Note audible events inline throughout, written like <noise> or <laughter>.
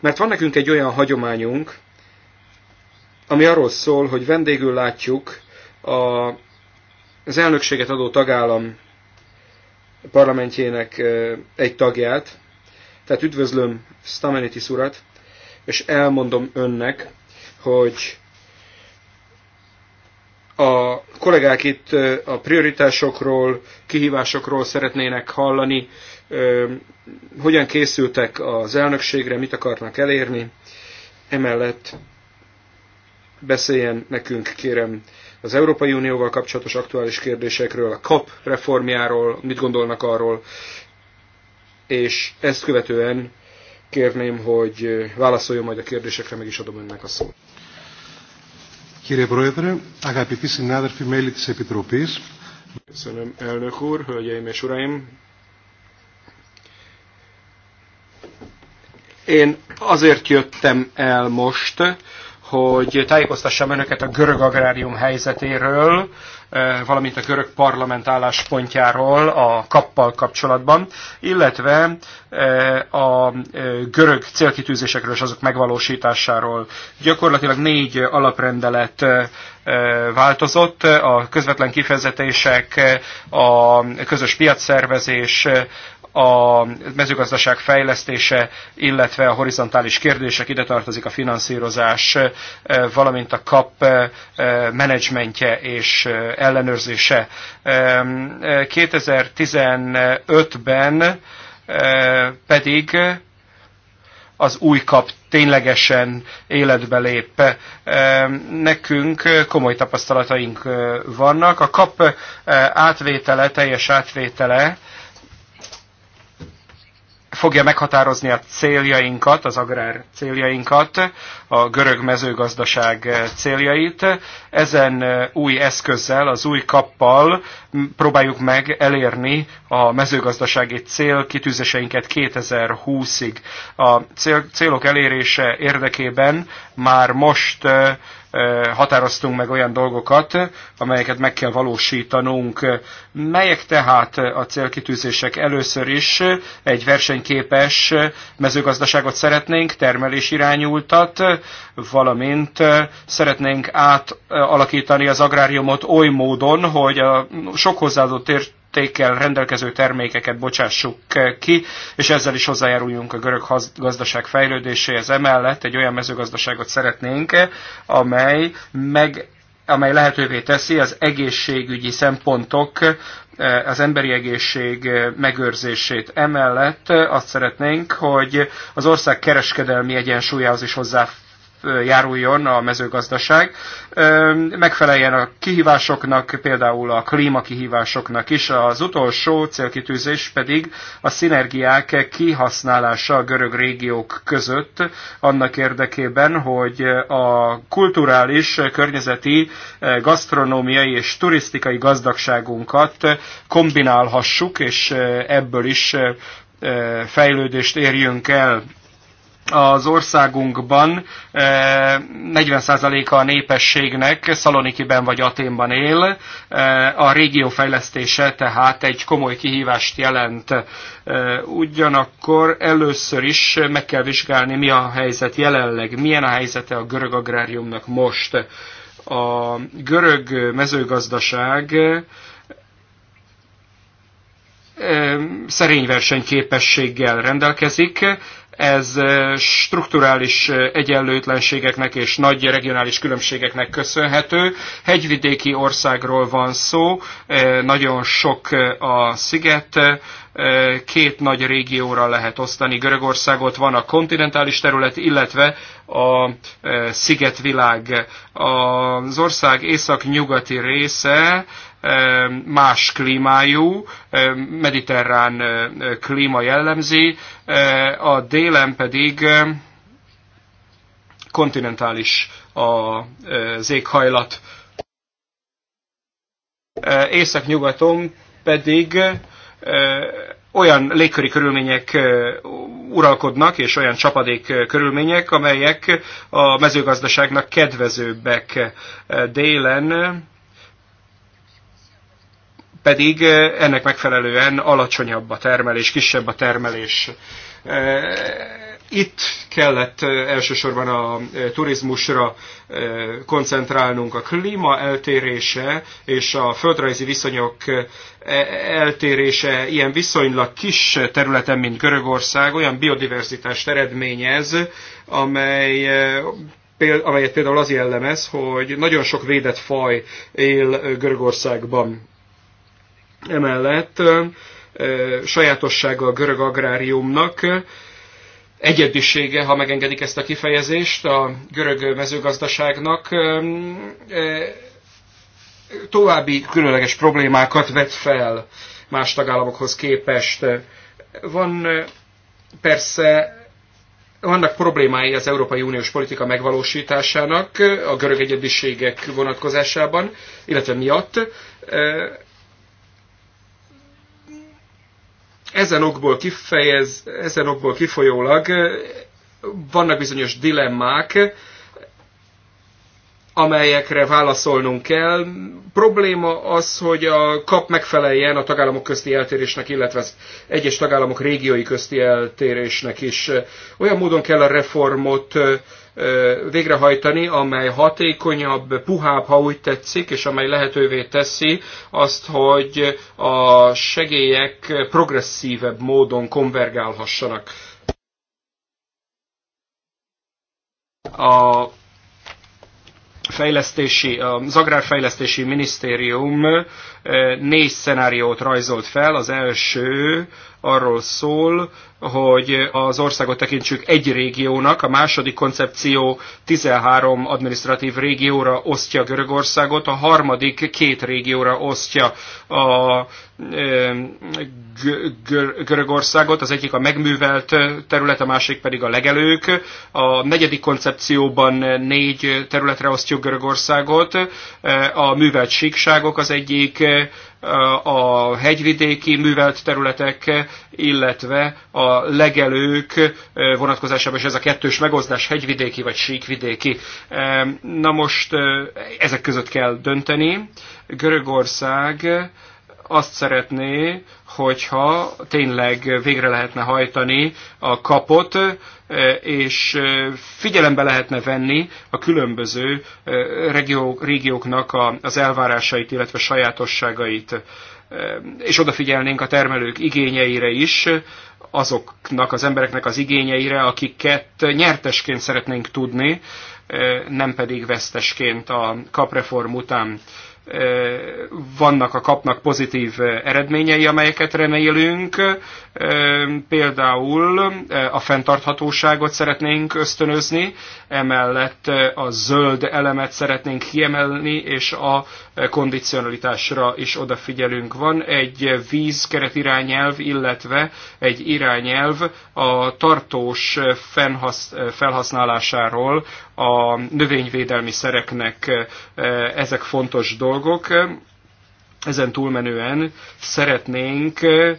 mert van nekünk egy olyan hagyományunk, ami arról szól, hogy vendégül látjuk a, az elnökséget adó tagállam parlamentjének egy tagját, tehát üdvözlöm Stamenitis urat, és elmondom önnek, hogy a kollégák itt a prioritásokról, kihívásokról szeretnének hallani, hogyan készültek az elnökségre, mit akarnak elérni. Emellett beszéljen nekünk, kérem, az Európai Unióval kapcsolatos aktuális kérdésekről, a KAP reformjáról, mit gondolnak arról, és ezt követően kérném, hogy válaszoljon majd a kérdésekre, meg is adom önnek a szót. Κύριε Πρόεδρε, αγαπητοί συνάδελφοι, μέλη της Επιτροπής. Köszönöm, elnök úr, hölgyeim és uraim. Én azért jöttem el most, hogy tájékoztassam önöket a görög agrárium helyzetéről, eh, valamint a görög parlament álláspontjáról a kappal kapcsolatban, illetve eh, a eh, görög célkitűzésekről és azok megvalósításáról. Gyakorlatilag négy alaprendelet változott, a közvetlen kifezetések, a közös piacszervezés, a mezőgazdaság fejlesztése, illetve a horizontális kérdések, ide tartozik a finanszírozás, e, valamint a kap e, e, menedzsmentje és ellenőrzése. 2015-ben pedig az új kap ténylegesen életbe lép. Nekünk komoly tapasztalataink vannak. A kap átvétele, teljes átvétele fogja meghatározni a céljainkat, az agrár céljainkat, a görög mezőgazdaság céljait. Ezen új eszközzel, az új kappal próbáljuk meg elérni a mezőgazdasági cél kitűzéseinket 2020-ig. A célok elérése érdekében már most határoztunk meg olyan dolgokat, amelyeket meg kell valósítanunk. Melyek tehát a célkitűzések? Először is egy versenyképes mezőgazdaságot szeretnénk, termelés irányultat, valamint szeretnénk átalakítani az agráriumot oly módon, hogy a sok hozzáadott ért értékkel rendelkező termékeket bocsássuk eh, ki, és ezzel is hozzájáruljunk a görög gazdaság fejlődéséhez. Emellett egy olyan mezőgazdaságot szeretnénk, eh, amely meg amely lehetővé teszi az egészségügyi szempontok, eh, az emberi egészség megőrzését. Emellett azt szeretnénk, hogy az ország kereskedelmi egyensúlyához is hozzá járuljon a mezőgazdaság, megfeleljen a kihívásoknak, például a klímakihívásoknak is. Az utolsó célkitűzés pedig a szinergiák kihasználása a görög régiók között annak érdekében, hogy a kulturális, környezeti, gasztronómiai és turisztikai gazdagságunkat kombinálhassuk, és ebből is fejlődést érjünk el az országunkban 40%-a eh, a népességnek Szalonikiben vagy Aténban él. Eh, a régió fejlesztése tehát egy komoly kihívást jelent. Eh, ugyanakkor először is meg kell vizsgálni, mi a helyzet jelenleg, milyen a helyzete a görög agráriumnak most. A görög mezőgazdaság szerény versenyképességgel rendelkezik, ez strukturális egyenlőtlenségeknek és nagy regionális különbségeknek köszönhető. Hegyvidéki országról van szó, nagyon sok a sziget, két nagy régióra lehet osztani Görögországot, van a kontinentális terület, illetve a szigetvilág. Az ország észak-nyugati része más klímájú, mediterrán klíma jellemzi, a délen pedig kontinentális az éghajlat. Észak-nyugaton pedig olyan légköri körülmények uralkodnak, és olyan csapadék körülmények, amelyek a mezőgazdaságnak kedvezőbbek délen, pedig ennek megfelelően alacsonyabb a termelés, kisebb a termelés. Itt kellett elsősorban a turizmusra koncentrálnunk. A klíma eltérése és a földrajzi viszonyok e, eltérése ilyen viszonylag kis területen, mint Görögország, olyan biodiverzitást eredményez, amely amelyet például az jellemez, hogy nagyon sok védett faj él Görögországban Emellett sajátossága a görög agráriumnak, egyedisége, ha megengedik ezt a kifejezést, a görög mezőgazdaságnak további különleges problémákat vet fel más tagállamokhoz képest. Van persze vannak problémái az Európai Uniós politika megvalósításának a görög egyediségek vonatkozásában, illetve miatt. Ezen okból, kifejez, ezen okból kifolyólag eh, vannak bizonyos dilemmák, amelyekre válaszolnunk kell. Probléma az, hogy a kap megfeleljen a tagállamok közti eltérésnek, illetve az egyes tagállamok régiói közti eltérésnek is. Olyan módon kell a reformot eh, végrehajtani, amely hatékonyabb, puhább, ha úgy tetszik, és amely lehetővé teszi azt, hogy a segélyek progresszívebb módon konvergálhassanak. A fejlesztési, az Agrárfejlesztési Minisztérium négy szenáriót rajzolt fel. Az első arról szól, hogy az országot tekintsük egy régiónak, a második koncepció 13 administratív régióra osztja Görögországot, a harmadik két régióra osztja a e, Görögországot, az egyik a megművelt terület, a másik pedig a legelők. A negyedik koncepcióban négy területre osztjuk Görögországot, e, a művelt síkságok az egyik, a hegyvidéki művelt területek, illetve a legelők vonatkozásában, és ez a kettős megozdás hegyvidéki vagy síkvidéki. Na most ezek között kell dönteni. Görögország azt szeretné, hogyha tényleg végre lehetne hajtani a kapot, és figyelembe lehetne venni a különböző régióknak az elvárásait, illetve sajátosságait, és odafigyelnénk a termelők igényeire is, azoknak az embereknek az igényeire, akiket nyertesként szeretnénk tudni, nem pedig vesztesként a kapreform után vannak a kapnak pozitív eredményei, amelyeket remélünk. Például a fenntarthatóságot szeretnénk ösztönözni, emellett a zöld elemet szeretnénk kiemelni, és a kondicionalitásra is odafigyelünk. Van egy víz keretirányelv illetve egy irányelv a tartós felhasználásáról a növényvédelmi szereknek. E, ezek fontos dolgok. Ezen túlmenően szeretnénk e,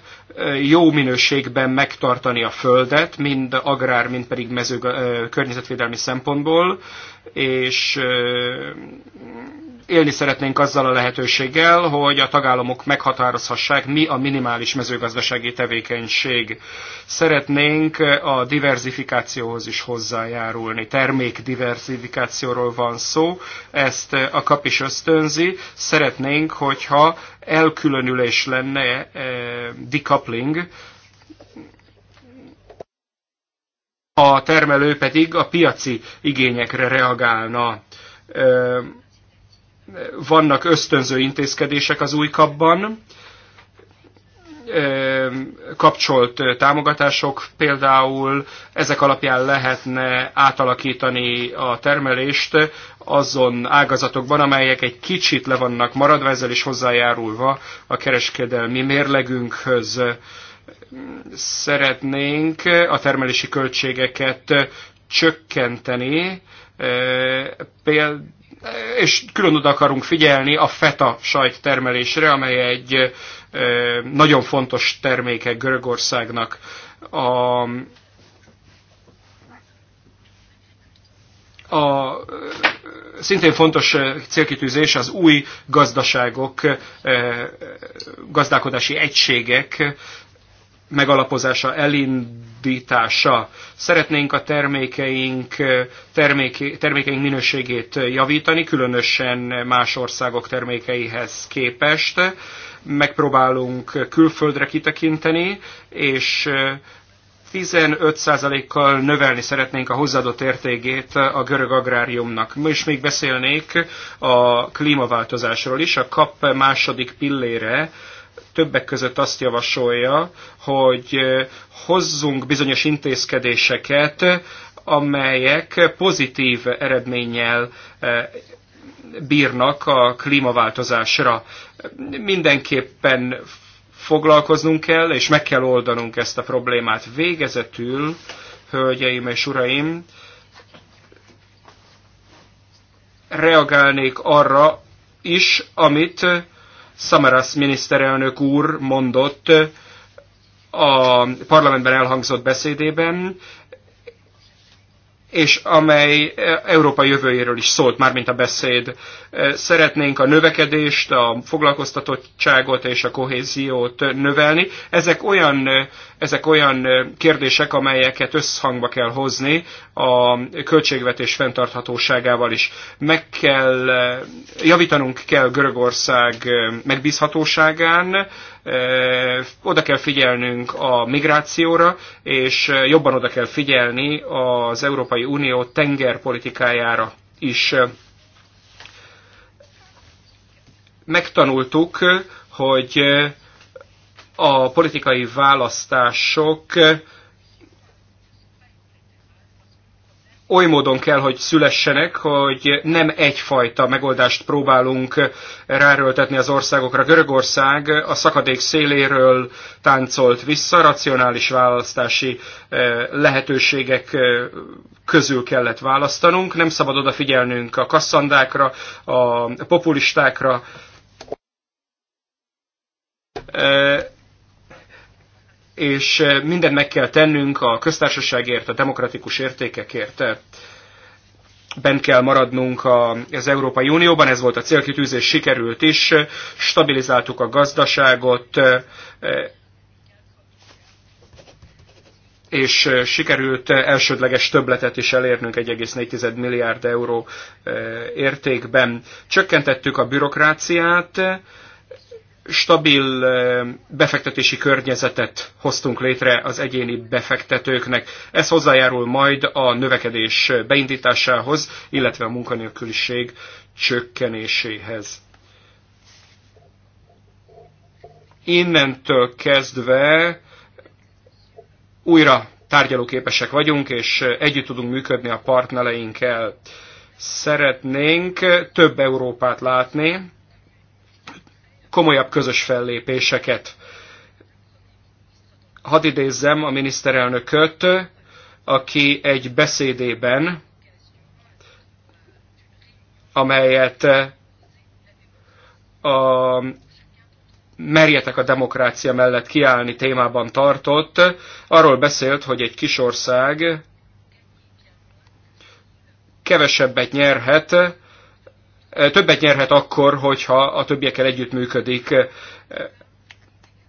jó minőségben megtartani a földet, mind agrár, mind pedig mező, e, környezetvédelmi szempontból, és élni szeretnénk azzal a lehetőséggel, hogy a tagállamok meghatározhassák, mi a minimális mezőgazdasági tevékenység. Szeretnénk a diversifikációhoz is hozzájárulni. Termék diversifikációról van szó, ezt a kap is ösztönzi. Szeretnénk, hogyha elkülönülés lenne, eh, decoupling, a termelő pedig a piaci igényekre reagálna vannak ösztönző intézkedések az új kapban, kapcsolt támogatások például, ezek alapján lehetne átalakítani a termelést azon ágazatokban, amelyek egy kicsit le vannak maradva, ezzel is hozzájárulva a kereskedelmi mérlegünkhöz szeretnénk a termelési költségeket csökkenteni, például és külön oda akarunk figyelni a feta sajt termelésre, amely egy nagyon fontos terméke Görögországnak. A, a szintén fontos célkitűzés az új gazdaságok, gazdálkodási egységek megalapozása, elindítása. Szeretnénk a termékeink, terméke, termékeink minőségét javítani, különösen más országok termékeihez képest. Megpróbálunk külföldre kitekinteni, és 15%-kal növelni szeretnénk a hozzáadott értékét a görög agráriumnak. Most még beszélnék a klímaváltozásról is. A KAP második pillére többek között azt javasolja, hogy hozzunk bizonyos intézkedéseket, amelyek pozitív eredménnyel bírnak a klímaváltozásra. Mindenképpen foglalkoznunk kell, és meg kell oldanunk ezt a problémát. Végezetül, hölgyeim és uraim, reagálnék arra is, amit Samaras miniszterelnök úr mondott a parlamentben elhangzott beszédében, és amely e, Európa jövőjéről is szólt, mármint a beszéd. E, szeretnénk a növekedést, a foglalkoztatottságot és a kohéziót növelni. Ezek olyan, e, ezek olyan kérdések, amelyeket összhangba kell hozni a költségvetés fenntarthatóságával is. Meg kell, javítanunk kell Görögország megbízhatóságán, oda kell figyelnünk a migrációra, és jobban oda kell figyelni az Európai Unió tengerpolitikájára is. Megtanultuk, hogy a politikai választások oly módon kell, hogy szülessenek, hogy nem egyfajta megoldást próbálunk ráröltetni az országokra. Görögország a szakadék széléről táncolt vissza, racionális választási eh, lehetőségek eh, közül kellett választanunk. Nem szabad odafigyelnünk a kasszandákra, a populistákra, eh, és eh, mindent meg kell tennünk a köztársaságért, a demokratikus értékekért. Bent kell maradnunk az Európai Unióban, ez volt a célkitűzés, sikerült is, stabilizáltuk a gazdaságot, eh, eh, és sikerült elsődleges többletet is elérnünk 1,4 milliárd euró értékben. Csökkentettük a bürokráciát, stabil eh, befektetési környezetet hoztunk létre az egyéni befektetőknek. Ez hozzájárul majd a növekedés beindításához, illetve a munkanélküliség csökkenéséhez. Innentől kezdve újra tárgyalóképesek vagyunk, és együtt tudunk működni a partnereinkkel. Szeretnénk több Európát látni, komolyabb közös fellépéseket. Hadd idézzem a miniszterelnököt, aki egy beszédében, amelyet a merjetek a demokrácia mellett kiállni témában tartott, arról beszélt, hogy egy kis ország kevesebbet nyerhet, többet nyerhet akkor, hogyha a többiekkel együttműködik,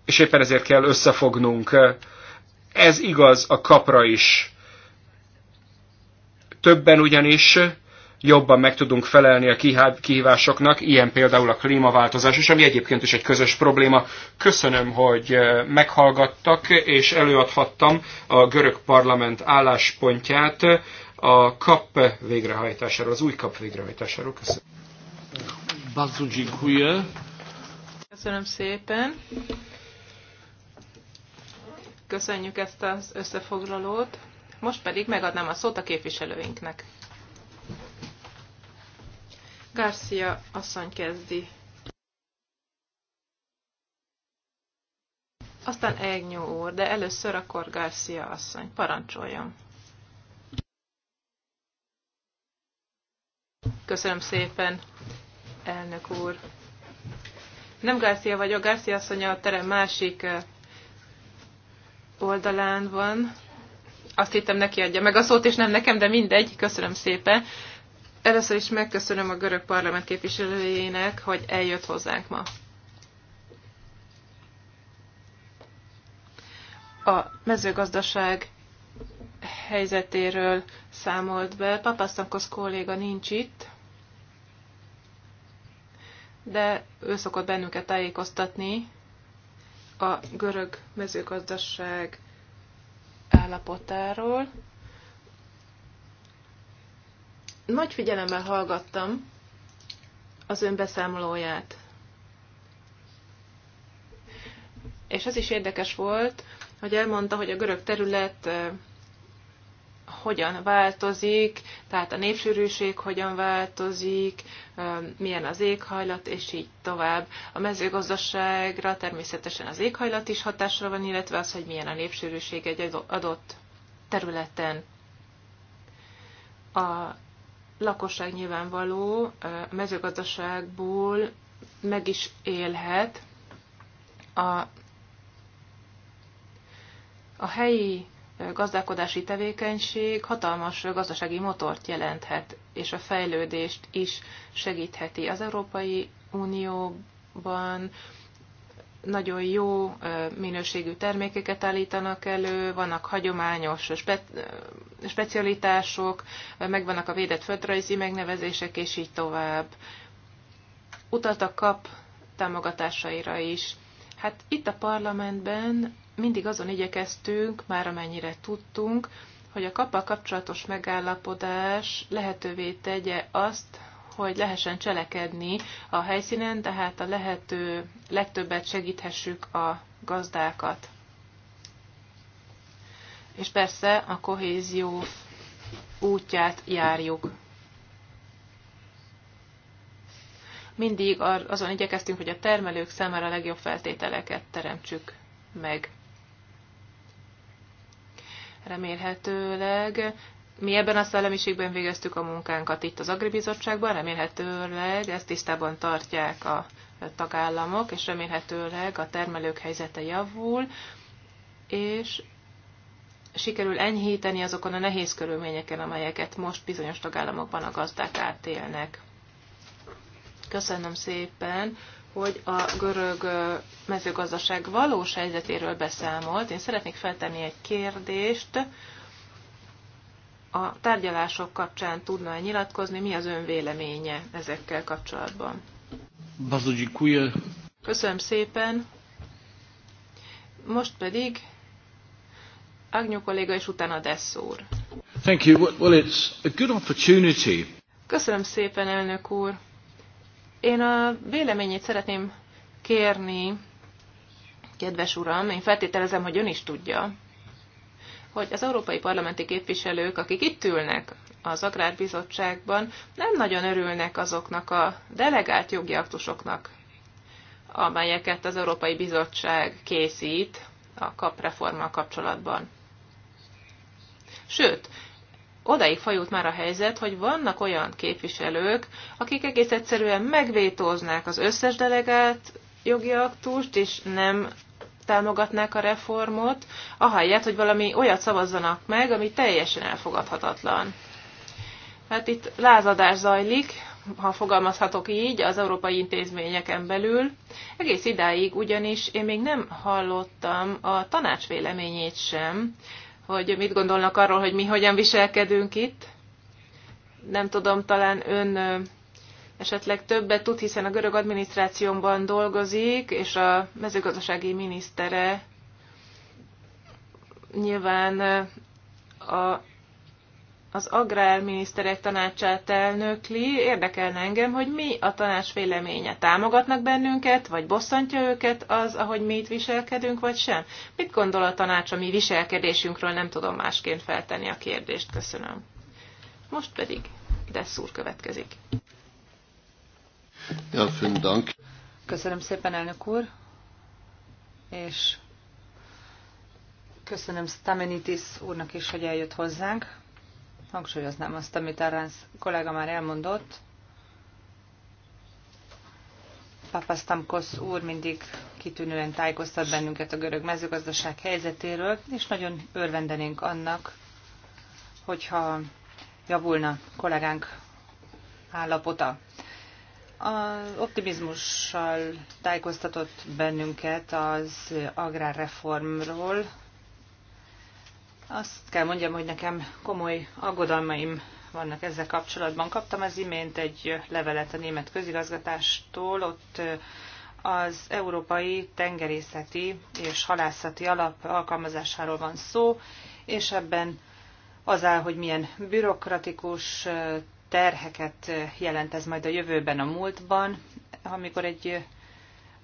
és éppen ezért kell összefognunk. Ez igaz a kapra is. Többen ugyanis jobban meg tudunk felelni a kihívásoknak, ilyen például a klímaváltozás is, ami egyébként is egy közös probléma. Köszönöm, hogy meghallgattak, és előadhattam a görög parlament álláspontját a kap végrehajtásáról, az új kap végrehajtásáról. Köszönöm. Bardzo dziękuję. Köszönöm szépen. Köszönjük ezt az összefoglalót. Most pedig megadnám a szót a képviselőinknek. Garcia asszony kezdi. Aztán Egnyó úr, de először akkor Garcia asszony. Parancsoljon. Köszönöm szépen, elnök úr. Nem Garcia vagyok, Garcia asszonya a terem másik oldalán van. Azt hittem neki adja meg a szót, és nem nekem, de mindegy, köszönöm szépen. Először is megköszönöm a görög parlament képviselőjének, hogy eljött hozzánk ma. A mezőgazdaság helyzetéről számolt be. Papasztankosz kolléga nincs itt, de ő szokott bennünket tájékoztatni a görög mezőgazdaság állapotáról. Nagy figyelemmel hallgattam az ön beszámolóját. És ez is érdekes volt, hogy elmondta, hogy a görög terület hogyan változik, tehát a népsűrűség hogyan változik, milyen az éghajlat, és így tovább. A mezőgazdaságra természetesen az éghajlat is hatásra van, illetve az, hogy milyen a népsűrűség egy adott területen. A lakosság nyilvánvaló a mezőgazdaságból meg is élhet. A, a helyi gazdálkodási tevékenység hatalmas gazdasági motort jelenthet, és a fejlődést is segítheti. Az Európai Unióban nagyon jó minőségű termékeket állítanak elő, vannak hagyományos spe- specialitások, megvannak a védett földrajzi megnevezések, és így tovább. Utaltak kap támogatásaira is Hát itt a parlamentben mindig azon igyekeztünk, már amennyire tudtunk, hogy a kappal kapcsolatos megállapodás lehetővé tegye azt, hogy lehessen cselekedni a helyszínen, tehát a lehető legtöbbet segíthessük a gazdákat. És persze a kohézió útját járjuk. mindig azon igyekeztünk, hogy a termelők számára a legjobb feltételeket teremtsük meg. Remélhetőleg mi ebben a szellemiségben végeztük a munkánkat itt az Agribizottságban, remélhetőleg ezt tisztában tartják a tagállamok, és remélhetőleg a termelők helyzete javul, és sikerül enyhíteni azokon a nehéz körülményeken, amelyeket most bizonyos tagállamokban a gazdák átélnek. Köszönöm szépen, hogy a görög mezőgazdaság valós helyzetéről beszámolt. Én szeretnék feltenni egy kérdést. A tárgyalások kapcsán tudna -e nyilatkozni, mi az ön véleménye ezekkel kapcsolatban? Köszönöm szépen. Most pedig Agnyó kolléga, és utána Dessz úr. Thank you. Well, it's a good opportunity. Köszönöm szépen, elnök úr. Én a véleményét szeretném kérni, kedves uram, én feltételezem, hogy ön is tudja, hogy az európai parlamenti képviselők, akik itt ülnek az Agrárbizottságban, nem nagyon örülnek azoknak a delegált jogi aktusoknak, amelyeket az Európai Bizottság készít a kapreforma kapcsolatban. Sőt, odaig fajult már a helyzet, hogy vannak olyan képviselők, akik egész egyszerűen megvétóznák az összes delegált jogi aktust, és nem támogatnák a reformot, ahelyett, hogy valami olyat szavazzanak meg, ami teljesen elfogadhatatlan. Hát itt lázadás zajlik, ha fogalmazhatok így, az európai intézményeken belül. Egész idáig ugyanis én még nem hallottam a tanács véleményét sem, hogy mit gondolnak arról, hogy mi hogyan viselkedünk itt. Nem tudom, talán ön esetleg többet tud, hiszen a görög adminisztrációban dolgozik, és a mezőgazdasági minisztere nyilván a az Agrárminiszterek Tanácsát elnökli, érdekelne engem, hogy mi a tanács véleménye. Támogatnak bennünket, vagy bosszantja őket az, ahogy mi itt viselkedünk, vagy sem? Mit gondol a tanács a mi viselkedésünkről? Nem tudom másként feltenni a kérdést. Köszönöm. Most pedig ide szúr következik. Ja, dank. Köszönöm szépen, elnök úr, és köszönöm Stamenitis úrnak is, hogy eljött hozzánk. Hangsúlyoznám azt, amit Aránsz kollega már elmondott. Papasztamkosz úr mindig kitűnően tájékoztat bennünket a görög mezőgazdaság helyzetéről, és nagyon örvendenénk annak, hogyha javulna kollégánk állapota. Az optimizmussal tájékoztatott bennünket az agrárreformról, azt kell mondjam, hogy nekem komoly aggodalmaim vannak ezzel kapcsolatban. Kaptam az imént egy levelet a német közigazgatástól, ott az Európai Tengerészeti és Halászati Alap alkalmazásáról van szó, és ebben az áll, hogy milyen bürokratikus terheket jelent ez majd a jövőben a múltban, amikor egy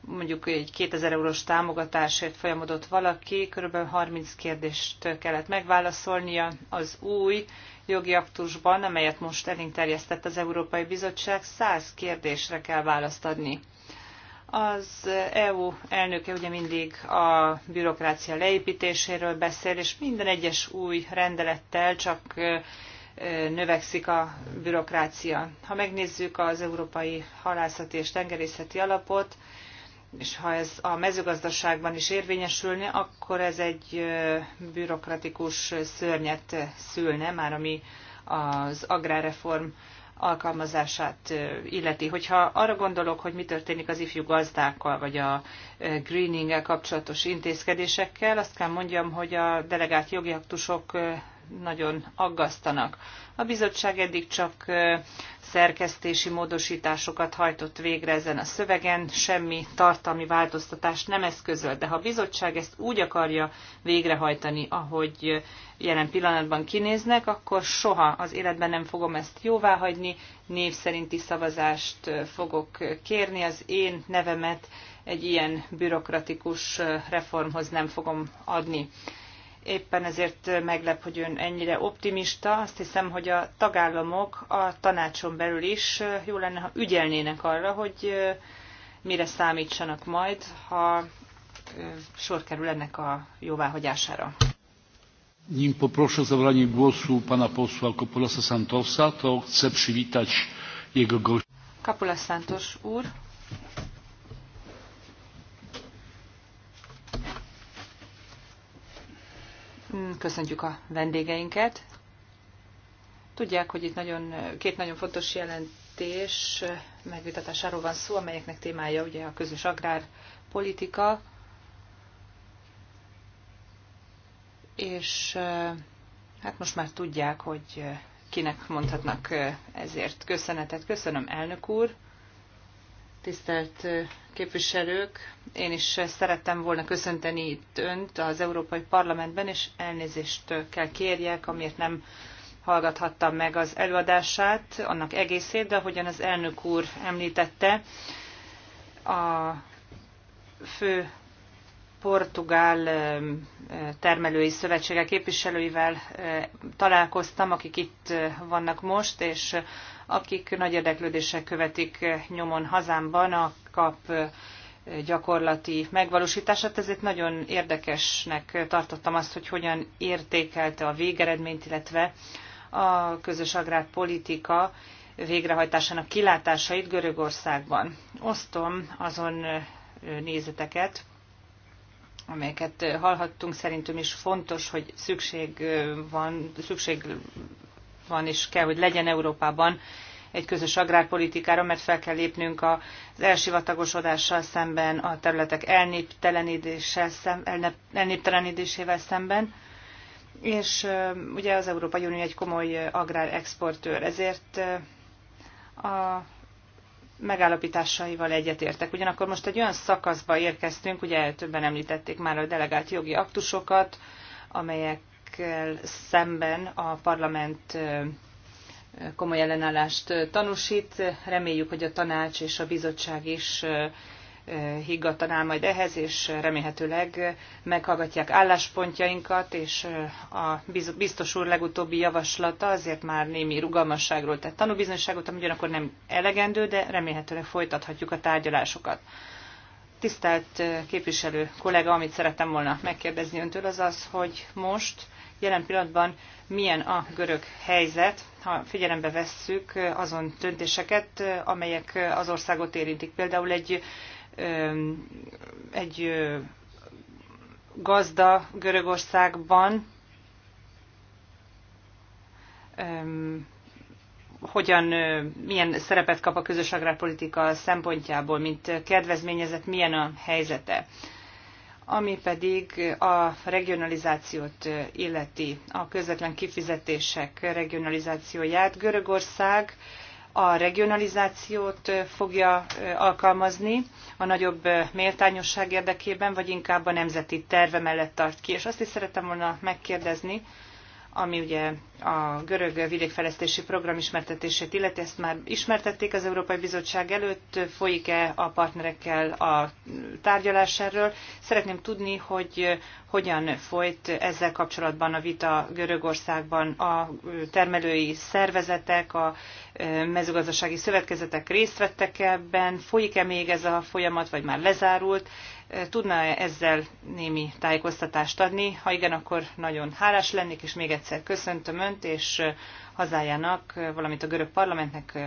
mondjuk egy 2000 eurós támogatásért folyamodott valaki, kb. 30 kérdést kellett megválaszolnia az új jogi aktusban, amelyet most elénk terjesztett az Európai Bizottság, 100 kérdésre kell választ adni. Az EU elnöke ugye mindig a bürokrácia leépítéséről beszél, és minden egyes új rendelettel csak növekszik a bürokrácia. Ha megnézzük az Európai Halászati és Tengerészeti Alapot, és ha ez a mezőgazdaságban is érvényesülne, akkor ez egy bürokratikus szörnyet szülne, már ami az agrárreform alkalmazását illeti. Hogyha arra gondolok, hogy mi történik az ifjú gazdákkal, vagy a greeninggel kapcsolatos intézkedésekkel, azt kell mondjam, hogy a delegált jogi aktusok nagyon aggasztanak. A bizottság eddig csak szerkesztési módosításokat hajtott végre ezen a szövegen, semmi tartalmi változtatást nem eszközöl, de ha a bizottság ezt úgy akarja végrehajtani, ahogy jelen pillanatban kinéznek, akkor soha az életben nem fogom ezt jóvá hagyni, név szerinti szavazást fogok kérni, az én nevemet egy ilyen bürokratikus reformhoz nem fogom adni. Éppen ezért meglep, hogy ön ennyire optimista. Azt hiszem, hogy a tagállamok a tanácson belül is jó lenne, ha ügyelnének arra, hogy mire számítsanak majd, ha sor kerül ennek a jóváhagyására. Nim poproszę o zabranie głosu pana posła Kopulasa Santosa, to chcę przywitać jego gości. Kapula Santos úr, Hmm, köszöntjük a vendégeinket. Tudják, hogy itt nagyon, két nagyon fontos jelentés megvitatásáról van szó, amelyeknek témája ugye a közös agrárpolitika, és hát most már tudják, hogy kinek mondhatnak ezért köszönetet. Köszönöm, elnök úr! Tisztelt képviselők, én is szerettem volna köszönteni itt Önt az Európai Parlamentben, és elnézést kell kérjek, amiért nem hallgathattam meg az előadását, annak egészét, de ahogyan az elnök úr említette, a fő portugál termelői szövetségek képviselőivel találkoztam, akik itt vannak most, és akik nagy érdeklődéssel követik nyomon hazámban a kap eh, gyakorlati megvalósítását, ezért nagyon érdekesnek tartottam azt, hogy hogyan értékelte a végeredményt, illetve a közös agrárpolitika végrehajtásának kilátásait Görögországban. Osztom azon eh, nézeteket, amelyeket hallhattunk, szerintem is fontos, hogy szükség eh, van, szükség van és kell, hogy legyen Európában egy közös agrárpolitikára, mert fel kell lépnünk az elsivatagosodással szemben, a területek elnéptelenítésével szemben. És ugye az Európai Unió egy komoly agrárexportőr, ezért a megállapításaival egyetértek. Ugyanakkor most egy olyan szakaszba érkeztünk, ugye többen említették már a delegált jogi aktusokat, amelyek ezekkel szemben a parlament komoly ellenállást tanúsít. Reméljük, hogy a tanács és a bizottság is higgadtan áll majd ehhez, és remélhetőleg meghallgatják álláspontjainkat, és a biztos úr legutóbbi javaslata azért már némi rugalmasságról tett tanúbizonyságot, ami ugyanakkor nem elegendő, de remélhetőleg folytathatjuk a tárgyalásokat. Tisztelt képviselő kollega, amit szerettem volna megkérdezni öntől, az az, hogy most jelen pillanatban milyen a görög helyzet, ha figyelembe vesszük azon döntéseket, amelyek az országot érintik. Például egy, egy gazda Görögországban hogyan, milyen szerepet kap a közös agrárpolitika szempontjából, mint kedvezményezett, milyen a helyzete ami pedig a regionalizációt illeti, a közvetlen kifizetések regionalizációját. Görögország a regionalizációt fogja alkalmazni a nagyobb méltányosság érdekében, vagy inkább a nemzeti terve mellett tart ki. És azt is szeretem volna megkérdezni, ami ugye a görög vidékfejlesztési program ismertetését illeti, ezt már ismertették az Európai Bizottság előtt, folyik-e a partnerekkel a tárgyalás erről. Szeretném tudni, hogy hogyan folyt ezzel kapcsolatban a vita Görögországban a termelői szervezetek, a mezőgazdasági szövetkezetek részt vettek ebben, folyik-e még ez a folyamat, vagy már lezárult, Tudna -e ezzel némi tájékoztatást adni? Ha igen, akkor nagyon hálás lennék, és még egyszer köszöntöm Önt, és hazájának, valamint a görög parlamentnek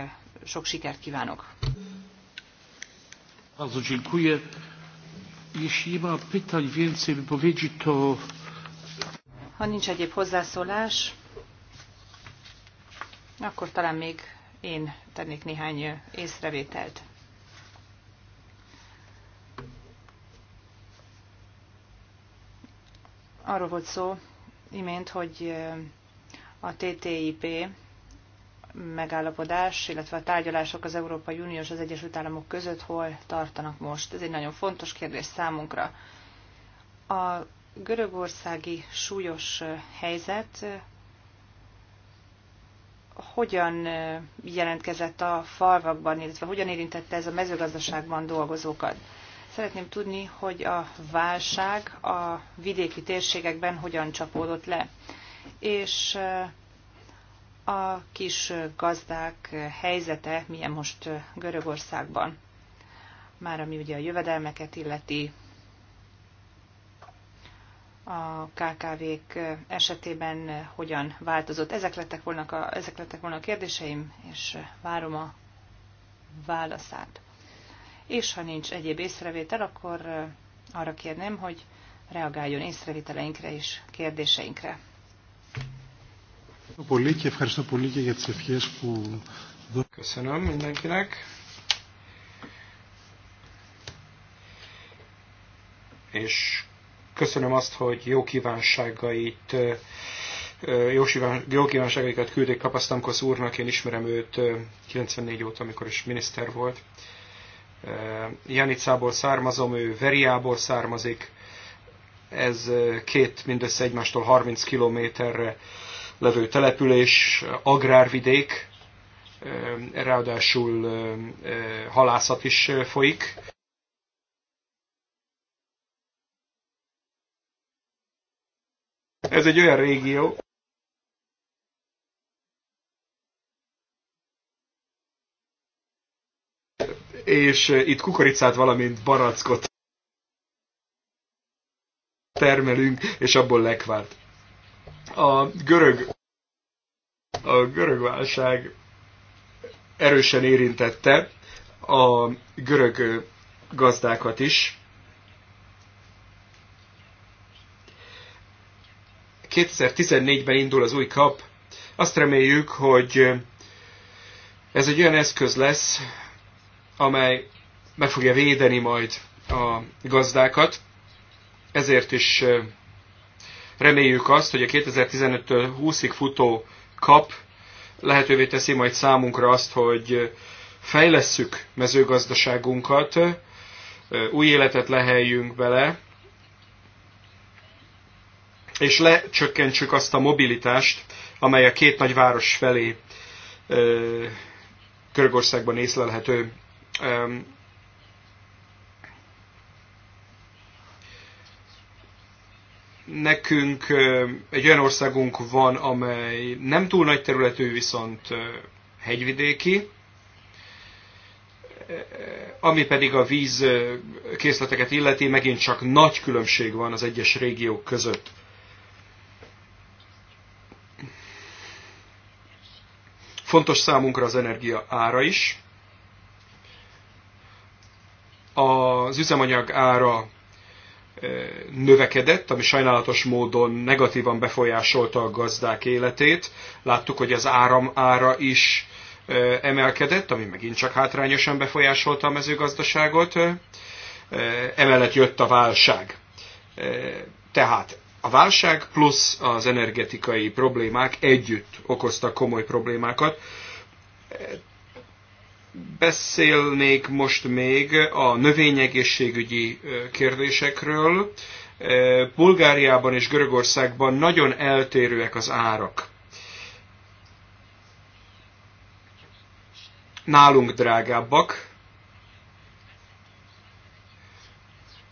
sok sikert kívánok. Bardzo dziękuję. Jeśli nie ma pytań, więcej wypowiedzi, to... Ha nincs egyéb hozzászólás, akkor talán még én tennék néhány észrevételt. Arról volt szó imént, hogy a TTIP megállapodás, illetve a tárgyalások az Európai Unió és az Egyesült Államok között hol tartanak most? Ez egy nagyon fontos kérdés számunkra. A görögországi súlyos helyzet hogyan jelentkezett a falvakban, illetve hogyan érintette ez a mezőgazdaságban dolgozókat? Szeretném tudni, hogy a válság a vidéki térségekben hogyan csapódott le, és eh, a kis gazdák helyzete milyen most eh, Görögországban, már ami ugye a jövedelmeket illeti, a KKV-k eh, esetében hogyan változott. Ezek lettek, volna a, ezek lettek volna a kérdéseim, és várom a válaszát és ha nincs egyéb észrevétel, akkor arra kérném, hogy reagáljon észrevételeinkre és kérdéseinkre. Köszönöm mindenkinek. És köszönöm azt, hogy jó kívánságait jó kívánságaikat küldték Kapasztamkosz úrnak, én ismerem őt 94 óta, amikor is miniszter volt. Janicából származom, ő Veriából származik, ez két mindössze egymástól 30 kilométerre levő település, agrárvidék, ráadásul halászat is folyik. Ez egy olyan régió, és eh, itt kukoricát, valamint barackot termelünk, és abból lekvárt. A görög, a görög válság erősen érintette a görög eh, gazdákat is. 2014-ben indul az új kap. Azt reméljük, hogy eh, ez egy olyan eszköz lesz, amely meg fogja védeni majd a gazdákat. Ezért is reméljük azt, hogy a 2015-től 20-ig futó kap lehetővé teszi majd számunkra azt, hogy fejlesszük mezőgazdaságunkat, új életet leheljünk bele, és lecsökkentsük azt a mobilitást, amely a két nagy város felé Körgországban észlelhető. Nekünk egy olyan országunk van, amely nem túl nagy területű, viszont hegyvidéki, ami pedig a víz készleteket illeti, megint csak nagy különbség van az egyes régiók között. Fontos számunkra az energia ára is az üzemanyag ára e, növekedett, ami sajnálatos módon negatívan befolyásolta a gazdák életét. Láttuk, hogy az áram ára is e, emelkedett, ami megint csak hátrányosan befolyásolta a mezőgazdaságot. E, emellett jött a válság. Tehát a válság plusz az energetikai problémák együtt okozta komoly problémákat. Beszélnék most még a növényegészségügyi kérdésekről. Bulgáriában és Görögországban nagyon eltérőek az árak. Nálunk drágábbak,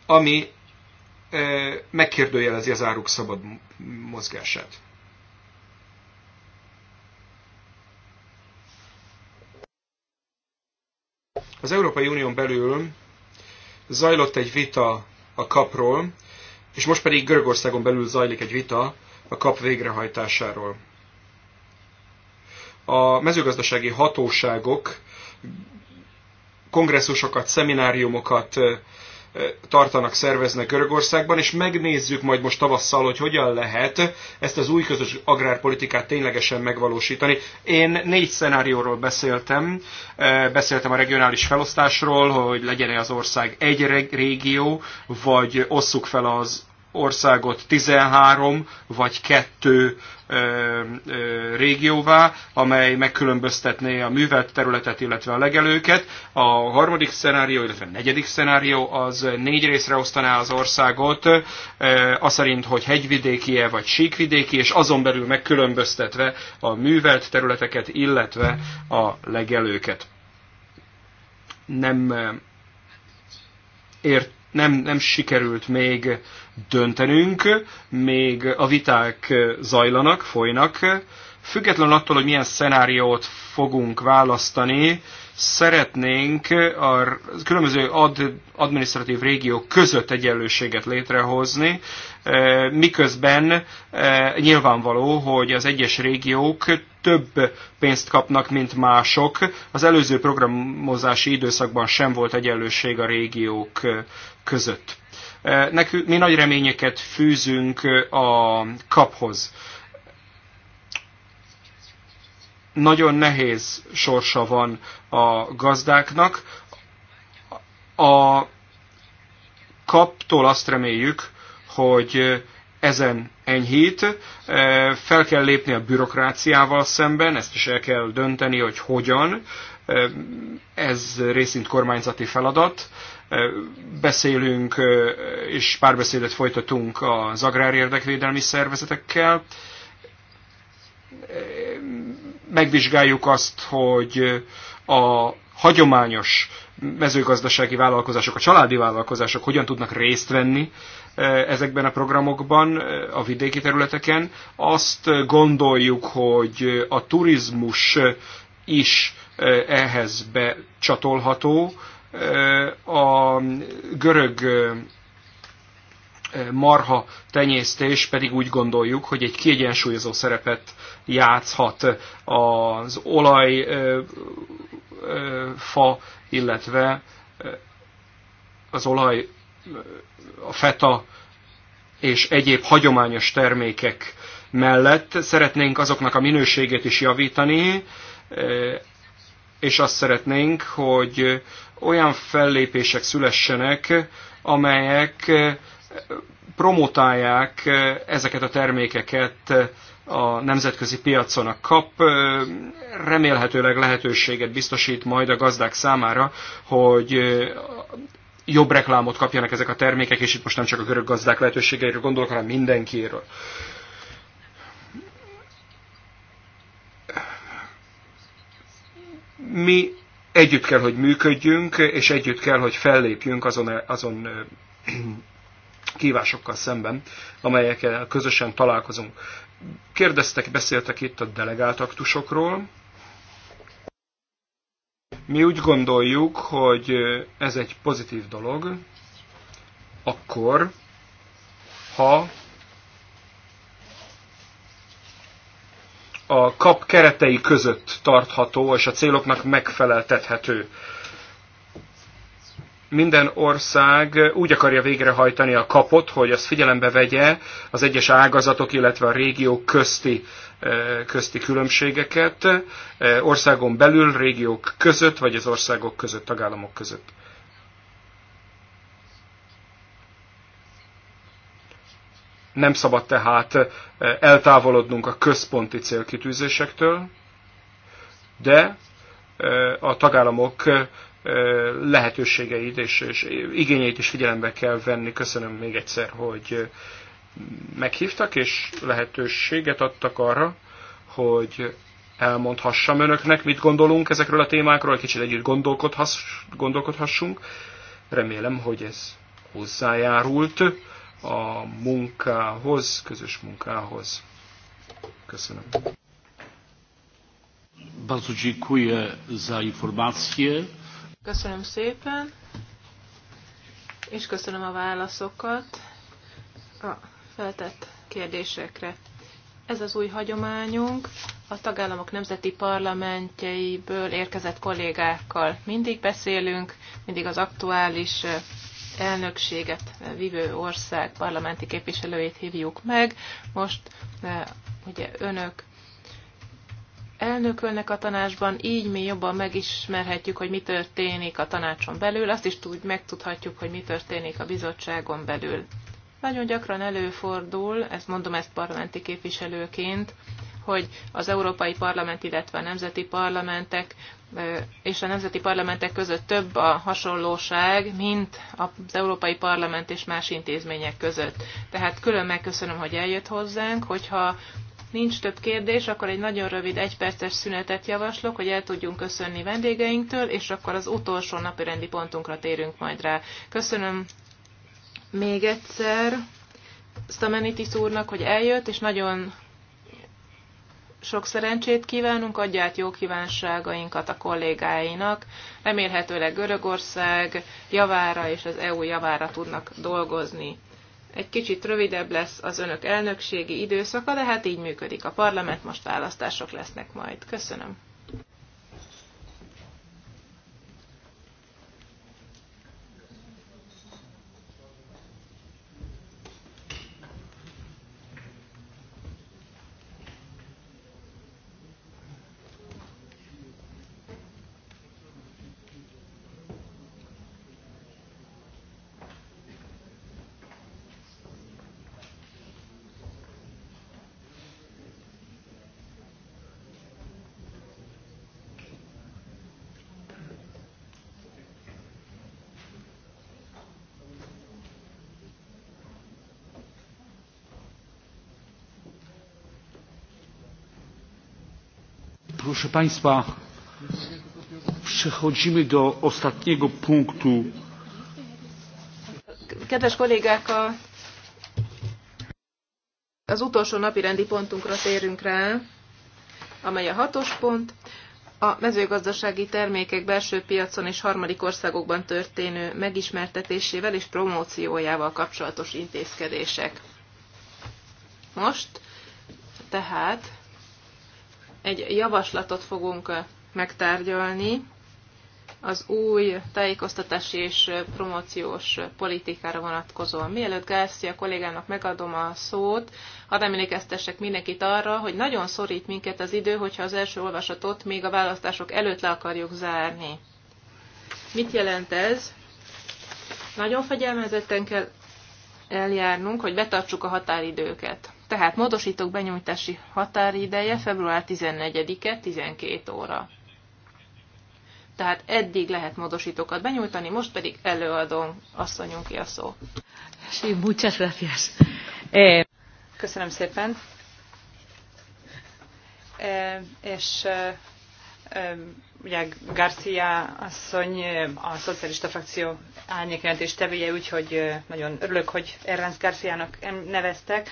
ami megkérdőjelezi az áruk szabad mozgását. Az Európai Unión belül zajlott egy vita a kapról, és most pedig Görögországon belül zajlik egy vita a kap végrehajtásáról. A mezőgazdasági hatóságok kongresszusokat, szemináriumokat tartanak, szerveznek Görögországban, és megnézzük majd most tavasszal, hogy hogyan lehet ezt az új közös agrárpolitikát ténylegesen megvalósítani. Én négy szenárióról beszéltem, e, beszéltem a regionális felosztásról, hogy legyen-e az ország egy régió, vagy osszuk fel az országot 13 vagy 2 régióvá, amely megkülönböztetné a művelt területet, illetve a legelőket. A harmadik szenárió, illetve a negyedik szenárió az négy részre osztaná az országot, az szerint, hogy Hegyvidéki -e, vagy síkvidéki, és azon belül megkülönböztetve a művelt területeket, illetve a legelőket. Nem ért nem, nem sikerült még döntenünk, még a viták zajlanak, folynak. Függetlenül attól, hogy milyen szenáriót fogunk választani, szeretnénk a különböző ad, administratív régiók között egyenlőséget létrehozni, e, miközben e, nyilvánvaló, hogy az egyes régiók több pénzt kapnak, mint mások. Az előző programozási időszakban sem volt egyenlőség a régiók e, között. Nekünk, mi nagy reményeket fűzünk a kaphoz. Nagyon nehéz sorsa van a gazdáknak. A kaptól azt reméljük, hogy ezen enyhít. Fel kell lépni a bürokráciával szemben, ezt is el kell dönteni, hogy hogyan ez részint kormányzati feladat. Beszélünk és párbeszédet folytatunk az agrár érdekvédelmi szervezetekkel. Megvizsgáljuk azt, hogy a hagyományos mezőgazdasági vállalkozások, a családi vállalkozások hogyan tudnak részt venni ezekben a programokban, a vidéki területeken. Azt gondoljuk, hogy a turizmus is ehhez becsatolható. A görög marha tenyésztés pedig úgy gondoljuk, hogy egy kiegyensúlyozó szerepet játszhat az olaj, fa, illetve az olaj, a feta és egyéb hagyományos termékek mellett szeretnénk azoknak a minőségét is javítani, és azt szeretnénk, hogy olyan fellépések szülessenek, amelyek promotálják ezeket a termékeket a nemzetközi piacon. A kap remélhetőleg lehetőséget biztosít majd a gazdák számára, hogy jobb reklámot kapjanak ezek a termékek, és itt most nem csak a görög gazdák lehetőségeiről gondolok, hanem mindenkiről. Mi együtt kell, hogy működjünk, és együtt kell, hogy fellépjünk azon, azon <clears throat> kívásokkal szemben, amelyekkel közösen találkozunk. Kérdeztek, beszéltek itt a delegált aktusokról. Mi úgy gondoljuk, hogy ez egy pozitív dolog, akkor, ha a kap keretei között tartható és a céloknak megfeleltethető. Minden ország úgy akarja végrehajtani a kapot, hogy az figyelembe vegye az egyes ágazatok, illetve a régiók közti, eh, közti különbségeket eh, országon belül, régiók között, vagy az országok között, tagállamok között. Nem szabad tehát eh, eltávolodnunk a központi célkitűzésektől, de eh, a tagállamok eh, lehetőségeit és, és igényeit is figyelembe kell venni. Köszönöm még egyszer, hogy meghívtak és lehetőséget adtak arra, hogy elmondhassam önöknek, mit gondolunk ezekről a témákról, kicsit együtt gondolkodhass, gondolkodhassunk. Remélem, hogy ez hozzájárult a munkához, közös munkához. Köszönöm. Bardzo dziękuję za informację. Köszönöm szépen, és köszönöm a válaszokat a feltett kérdésekre. Ez az új hagyományunk a tagállamok nemzeti parlamentjeiből érkezett kollégákkal mindig beszélünk, mindig az aktuális elnökséget vívő ország parlamenti képviselőjét hívjuk meg. Most e, ugye önök elnökölnek a tanácsban, így mi jobban megismerhetjük, hogy mi történik a tanácson belül, azt is tud, megtudhatjuk, hogy mi történik a bizottságon belül. Nagyon gyakran előfordul, ezt mondom ezt parlamenti képviselőként, hogy az Európai Parlament, illetve a nemzeti parlamentek és a nemzeti parlamentek között több a hasonlóság, mint az Európai Parlament és más intézmények között. Tehát külön megköszönöm, hogy eljött hozzánk, hogyha nincs több kérdés, akkor egy nagyon rövid egyperces szünetet javaslok, hogy el tudjunk köszönni vendégeinktől, és akkor az utolsó napi rendi pontunkra térünk majd rá. Köszönöm még egyszer Stamenitis úrnak, hogy eljött, és nagyon sok szerencsét kívánunk, adját jó kívánságainkat a kollégáinak. Remélhetőleg Görögország javára és az EU javára tudnak dolgozni. Egy kicsit rövidebb lesz az önök elnökségi időszaka, de hát így működik a parlament, most választások lesznek majd. Köszönöm. Proszę Państwa, przechodzimy do ostatniego punktu. Kedves kollégák, a, az utolsó napi rendi pontunkra térünk rá, amely a hatos pont, a mezőgazdasági termékek belső piacon és harmadik országokban történő megismertetésével és promóciójával kapcsolatos intézkedések. Most tehát egy javaslatot fogunk megtárgyalni az új tájékoztatási és promóciós politikára vonatkozóan. Mielőtt Garcia kollégának megadom a szót, hadd emlékeztessek mindenkit arra, hogy nagyon szorít minket az idő, hogyha az első olvasatot még a választások előtt le akarjuk zárni. Mit jelent ez? Nagyon fegyelmezetten kell eljárnunk, hogy betartsuk a határidőket. Tehát módosítók benyújtási határideje február 14-e 12 óra. Tehát eddig lehet módosítókat benyújtani, most pedig előadom asszonyunk ki a szó. Sí, muchas gracias. Eh, Köszönöm szépen. Eh, és eh, ugye Garcia asszony a szocialista frakció árnyékjelentés tevéje, úgyhogy nagyon örülök, hogy Ernst Garciának neveztek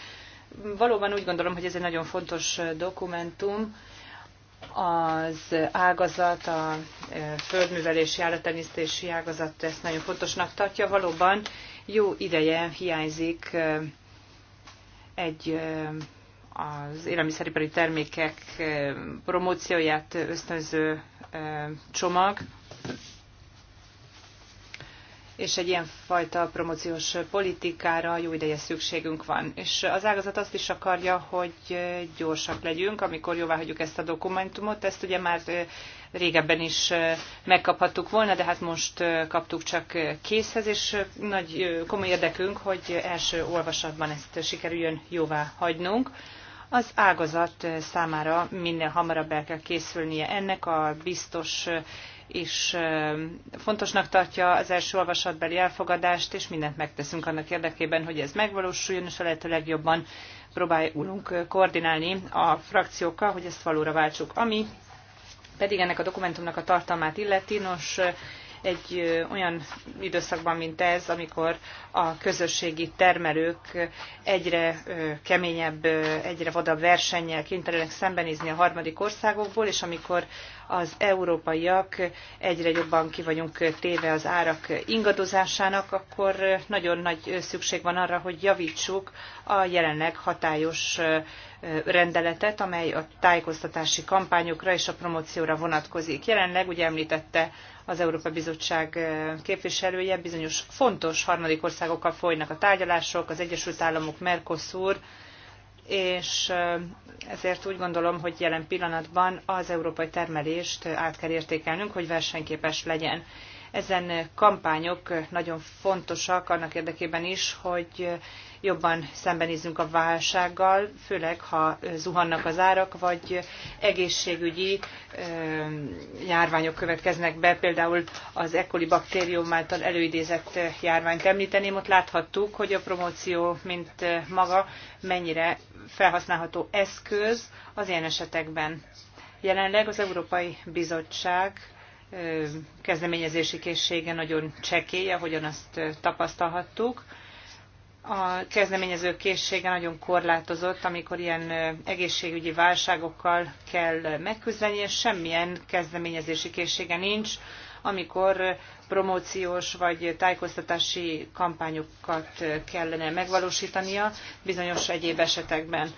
valóban úgy gondolom, hogy ez egy nagyon fontos dokumentum, az ágazat, a földművelési, állattenyésztési ágazat ezt nagyon fontosnak tartja. Valóban jó ideje hiányzik egy az élelmiszeripari termékek promócióját ösztönző csomag és egy ilyen fajta promóciós politikára jó ideje szükségünk van. És az ágazat azt is akarja, hogy gyorsak legyünk, amikor jóvá hagyjuk ezt a dokumentumot. Ezt ugye már régebben is megkaphattuk volna, de hát most kaptuk csak készhez, és nagy komoly érdekünk, hogy első olvasatban ezt sikerüljön jóvá hagynunk az ágazat számára minél hamarabb el kell készülnie ennek a biztos is fontosnak tartja az első olvasatbeli elfogadást, és mindent megteszünk annak érdekében, hogy ez megvalósuljon, és a lehető legjobban próbálunk koordinálni a frakciókkal, hogy ezt valóra váltsuk. Ami pedig ennek a dokumentumnak a tartalmát illeti, nos, egy olyan időszakban, mint ez, amikor a közösségi termelők egyre keményebb, egyre vadabb versennyel kénytelenek szembenézni a harmadik országokból, és amikor az európaiak egyre jobban ki vagyunk téve az árak ingadozásának, akkor nagyon nagy szükség van arra, hogy javítsuk a jelenleg hatályos rendeletet, amely a tájékoztatási kampányokra és a promócióra vonatkozik. Jelenleg, ugye említette az Európa Bizottság képviselője, bizonyos fontos harmadik országokkal folynak a tárgyalások, az Egyesült Államok, Mercosur, és ezért úgy gondolom, hogy jelen pillanatban az európai termelést át kell értékelnünk, hogy versenyképes legyen. Ezen kampányok nagyon fontosak annak érdekében is, hogy jobban szembenézzünk a válsággal, főleg ha zuhannak az árak, vagy egészségügyi járványok következnek be, például az ekkoli baktérium által előidézett járványt említeném, ott láthattuk, hogy a promóció, mint maga, mennyire felhasználható eszköz az ilyen esetekben. Jelenleg az Európai Bizottság kezdeményezési készsége nagyon csekély, ahogyan azt tapasztalhattuk. A kezdeményező készsége nagyon korlátozott, amikor ilyen egészségügyi válságokkal kell megküzdeni, és semmilyen kezdeményezési készsége nincs, amikor promóciós vagy tájékoztatási kampányokat kellene megvalósítania bizonyos egyéb esetekben.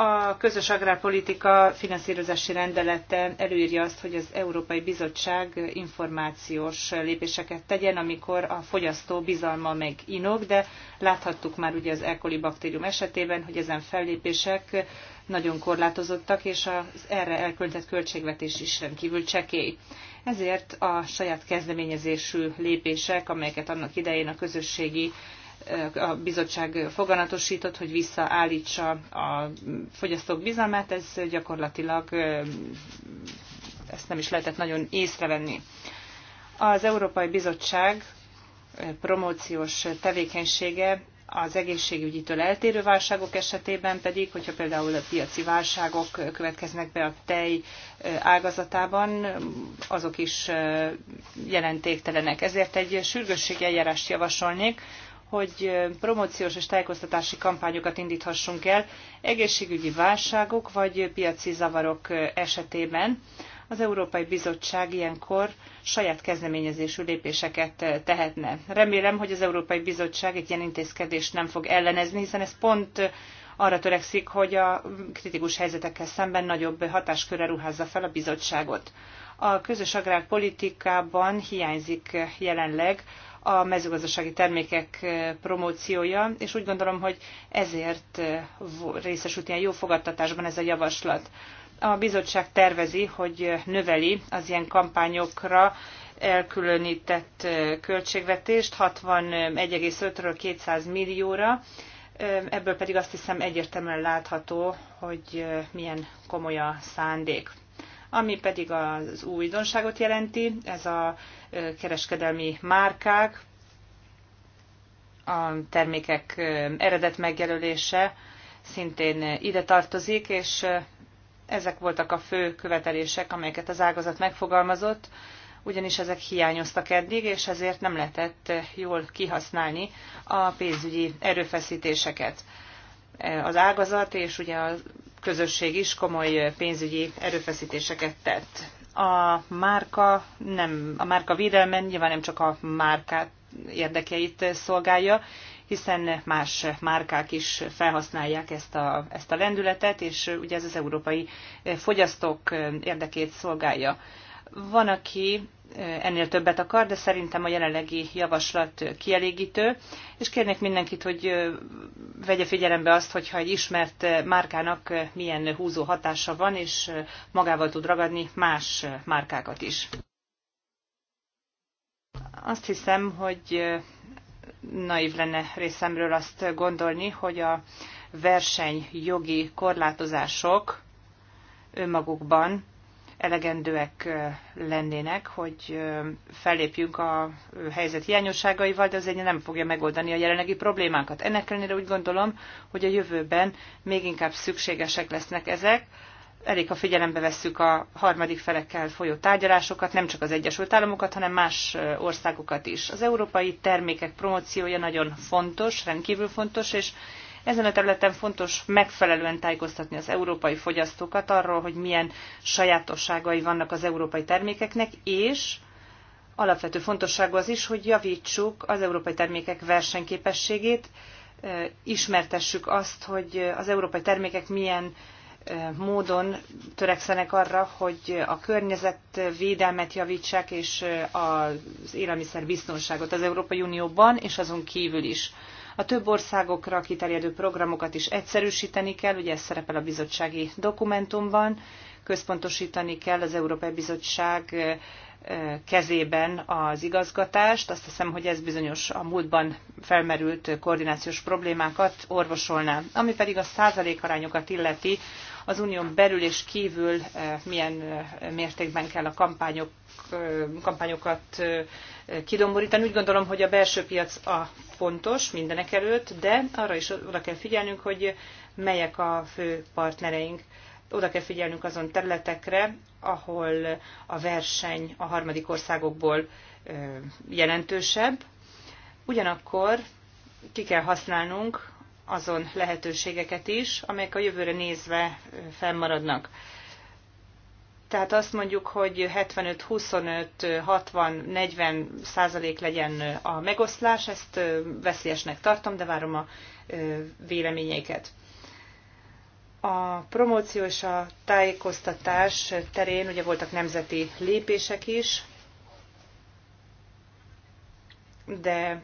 A közös agrárpolitika finanszírozási rendelete előírja azt, hogy az Európai Bizottság információs lépéseket tegyen, amikor a fogyasztó bizalma meginog, de láthattuk már ugye az E. coli baktérium esetében, hogy ezen fellépések nagyon korlátozottak, és az erre elköltett költségvetés is rendkívül csekély. Ezért a saját kezdeményezésű lépések, amelyeket annak idején a közösségi a bizottság foganatosított, hogy visszaállítsa a fogyasztók bizalmát, ez gyakorlatilag ezt nem is lehetett nagyon észrevenni. Az Európai Bizottság promóciós tevékenysége az egészségügyitől eltérő válságok esetében pedig, hogyha például a piaci válságok következnek be a tej ágazatában, azok is jelentéktelenek. Ezért egy sürgősségi eljárást javasolnék, hogy promóciós és tájékoztatási kampányokat indíthassunk el egészségügyi válságok vagy piaci zavarok esetében. Az Európai Bizottság ilyenkor saját kezdeményezésű lépéseket tehetne. Remélem, hogy az Európai Bizottság egy ilyen intézkedést nem fog ellenezni, hiszen ez pont arra törekszik, hogy a kritikus helyzetekkel szemben nagyobb hatáskörre ruházza fel a bizottságot. A közös agrárpolitikában hiányzik jelenleg a mezőgazdasági termékek eh, promóciója, és úgy gondolom, hogy ezért eh, részesült ilyen jó fogadtatásban ez a javaslat. A bizottság tervezi, hogy eh, növeli az ilyen kampányokra elkülönített költségvetést 61,5-ről 200 millióra, ebből pedig azt hiszem egyértelműen látható, hogy milyen komoly a szándék. Ami pedig az újdonságot jelenti, ez a kereskedelmi márkák, a termékek eredet megjelölése szintén ide tartozik, és ezek voltak a fő követelések, amelyeket az ágazat megfogalmazott, ugyanis ezek hiányoztak eddig, és ezért nem lehetett jól kihasználni a pénzügyi erőfeszítéseket. Az ágazat és ugye a közösség is komoly pénzügyi erőfeszítéseket tett. A márka, nem, a márka védelmen nyilván nem csak a márkát érdekeit szolgálja, hiszen más márkák is felhasználják ezt a, ezt a lendületet, és ugye ez az európai fogyasztók érdekét szolgálja. Van, aki ennél többet akar, de szerintem a jelenlegi javaslat kielégítő, és kérnék mindenkit, hogy vegye figyelembe azt, hogyha egy ismert márkának milyen húzó hatása van, és magával tud ragadni más márkákat is. Azt hiszem, hogy naív lenne részemről azt gondolni, hogy a versenyjogi korlátozások önmagukban elegendőek lennének, hogy fellépjünk a helyzet hiányosságaival, de az egyre nem fogja megoldani a jelenlegi problémákat. Ennek ellenére úgy gondolom, hogy a jövőben még inkább szükségesek lesznek ezek, elég, ha figyelembe vesszük a harmadik felekkel folyó tárgyalásokat, nem csak az Egyesült Államokat, hanem más országokat is. Az európai termékek promóciója nagyon fontos, rendkívül fontos, és ezen a területen fontos megfelelően tájékoztatni az európai fogyasztókat arról, hogy milyen sajátosságai vannak az európai termékeknek, és alapvető fontosságú az is, hogy javítsuk az európai termékek versenyképességét, ismertessük azt, hogy az európai termékek milyen módon törekszenek arra, hogy a környezetvédelmet javítsák, és az élelmiszer biztonságot az Európai Unióban, és azon kívül is. A több országokra kiterjedő programokat is egyszerűsíteni kell, ugye ez szerepel a bizottsági dokumentumban, központosítani kell az Európai Bizottság kezében az igazgatást. Azt hiszem, hogy ez bizonyos a múltban felmerült koordinációs problémákat orvosolná. Ami pedig a százalékarányokat illeti, az unión belül és kívül eh, milyen eh, mértékben kell a kampányok, eh, kampányokat kidomborítani. Úgy gondolom, hogy a belső piac a fontos mindenek előtt, de arra is oda kell figyelnünk, hogy melyek a fő partnereink oda kell figyelnünk azon területekre, ahol a verseny a harmadik országokból jelentősebb. Ugyanakkor ki kell használnunk azon lehetőségeket is, amelyek a jövőre nézve fennmaradnak. Tehát azt mondjuk, hogy 75-25-60-40 százalék legyen a megoszlás, ezt veszélyesnek tartom, de várom a véleményeiket. A promóció és a tájékoztatás terén ugye voltak nemzeti lépések is, de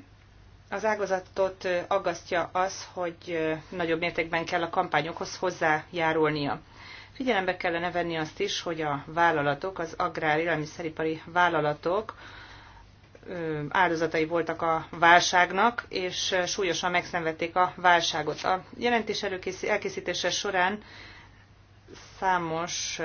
az ágazatot aggasztja az, hogy nagyobb mértékben kell a kampányokhoz hozzájárulnia. Figyelembe kellene venni azt is, hogy a vállalatok, az agrár élelmiszeripari vállalatok áldozatai voltak a válságnak, és súlyosan megszenvedték a válságot. A jelentés elkészítése során számos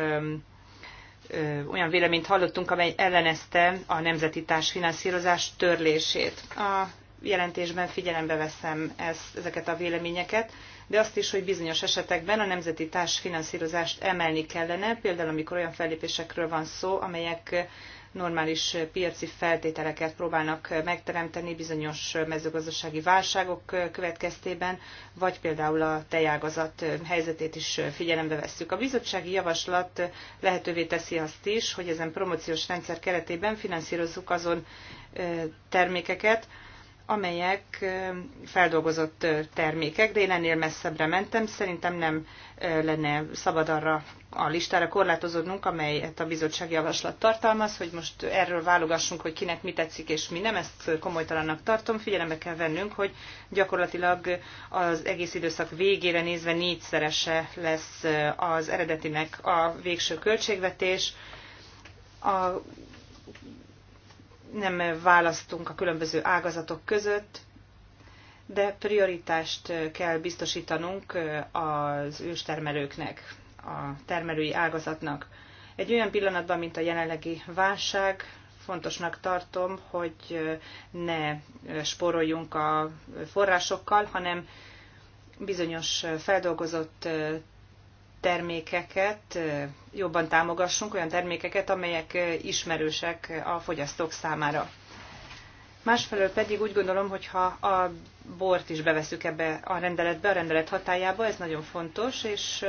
olyan véleményt hallottunk, amely ellenezte a nemzeti társfinanszírozás törlését. A jelentésben figyelembe veszem ezeket a véleményeket, de azt is, hogy bizonyos esetekben a nemzeti társfinanszírozást emelni kellene, például amikor olyan fellépésekről van szó, amelyek normális piaci feltételeket próbálnak megteremteni bizonyos mezőgazdasági válságok következtében, vagy például a tejágazat helyzetét is figyelembe vesszük. A bizottsági javaslat lehetővé teszi azt is, hogy ezen promóciós rendszer keretében finanszírozzuk azon termékeket, amelyek feldolgozott termékek, de én ennél messzebbre mentem. Szerintem nem lenne szabad arra a listára korlátozódnunk, amelyet a bizottság javaslat tartalmaz, hogy most erről válogassunk, hogy kinek mi tetszik és mi nem, ezt komolytalannak tartom. Figyelembe kell vennünk, hogy gyakorlatilag az egész időszak végére nézve négyszerese lesz az eredetinek a végső költségvetés. A nem választunk a különböző ágazatok között, de prioritást kell biztosítanunk az őstermelőknek, a termelői ágazatnak. Egy olyan pillanatban, mint a jelenlegi válság, fontosnak tartom, hogy ne spóroljunk a forrásokkal, hanem bizonyos feldolgozott termékeket jobban támogassunk, olyan termékeket, amelyek ismerősek a fogyasztók számára. Másfelől pedig úgy gondolom, hogy ha a bort is beveszük ebbe a rendeletbe, a rendelet hatájába, ez nagyon fontos, és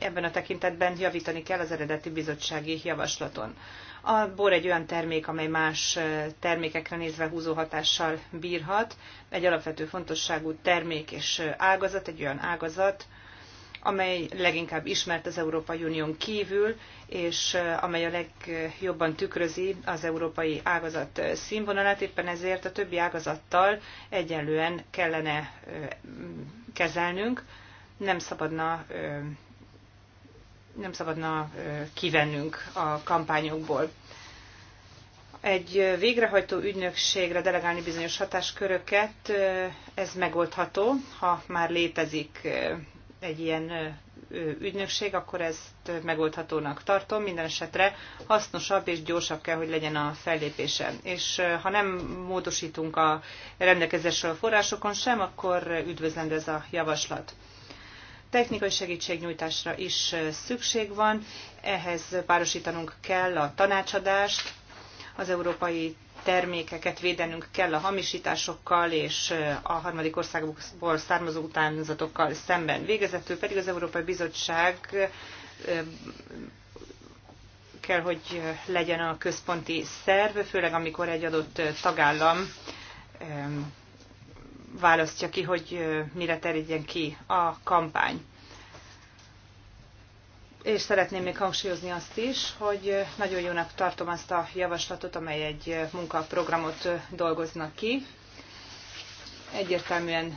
ebben a tekintetben javítani kell az eredeti bizottsági javaslaton. A bor egy olyan termék, amely más termékekre nézve húzó hatással bírhat, egy alapvető fontosságú termék és ágazat, egy olyan ágazat, amely leginkább ismert az Európai Unión kívül, és amely a legjobban tükrözi az európai ágazat színvonalát, éppen ezért a többi ágazattal egyenlően kellene kezelnünk, nem szabadna nem szabadna kivennünk a kampányokból egy végrehajtó ügynökségre delegálni bizonyos hatásköröket, ez megoldható, ha már létezik egy ilyen ügynökség, akkor ezt megoldhatónak tartom. Minden esetre hasznosabb és gyorsabb kell, hogy legyen a fellépése. És ha nem módosítunk a rendelkezésre a forrásokon sem, akkor üdvözlendő ez a javaslat. Technikai segítségnyújtásra is szükség van, ehhez párosítanunk kell a tanácsadást, az Európai termékeket védenünk kell a hamisításokkal és a harmadik országokból származó utánzatokkal szemben. Végezetül pedig az Európai Bizottság kell, hogy legyen a központi szerv, főleg amikor egy adott tagállam választja ki, hogy mire terjedjen ki a kampány és szeretném még hangsúlyozni azt is, hogy nagyon jónak tartom azt a javaslatot, amely egy munkaprogramot dolgoznak ki. Egyértelműen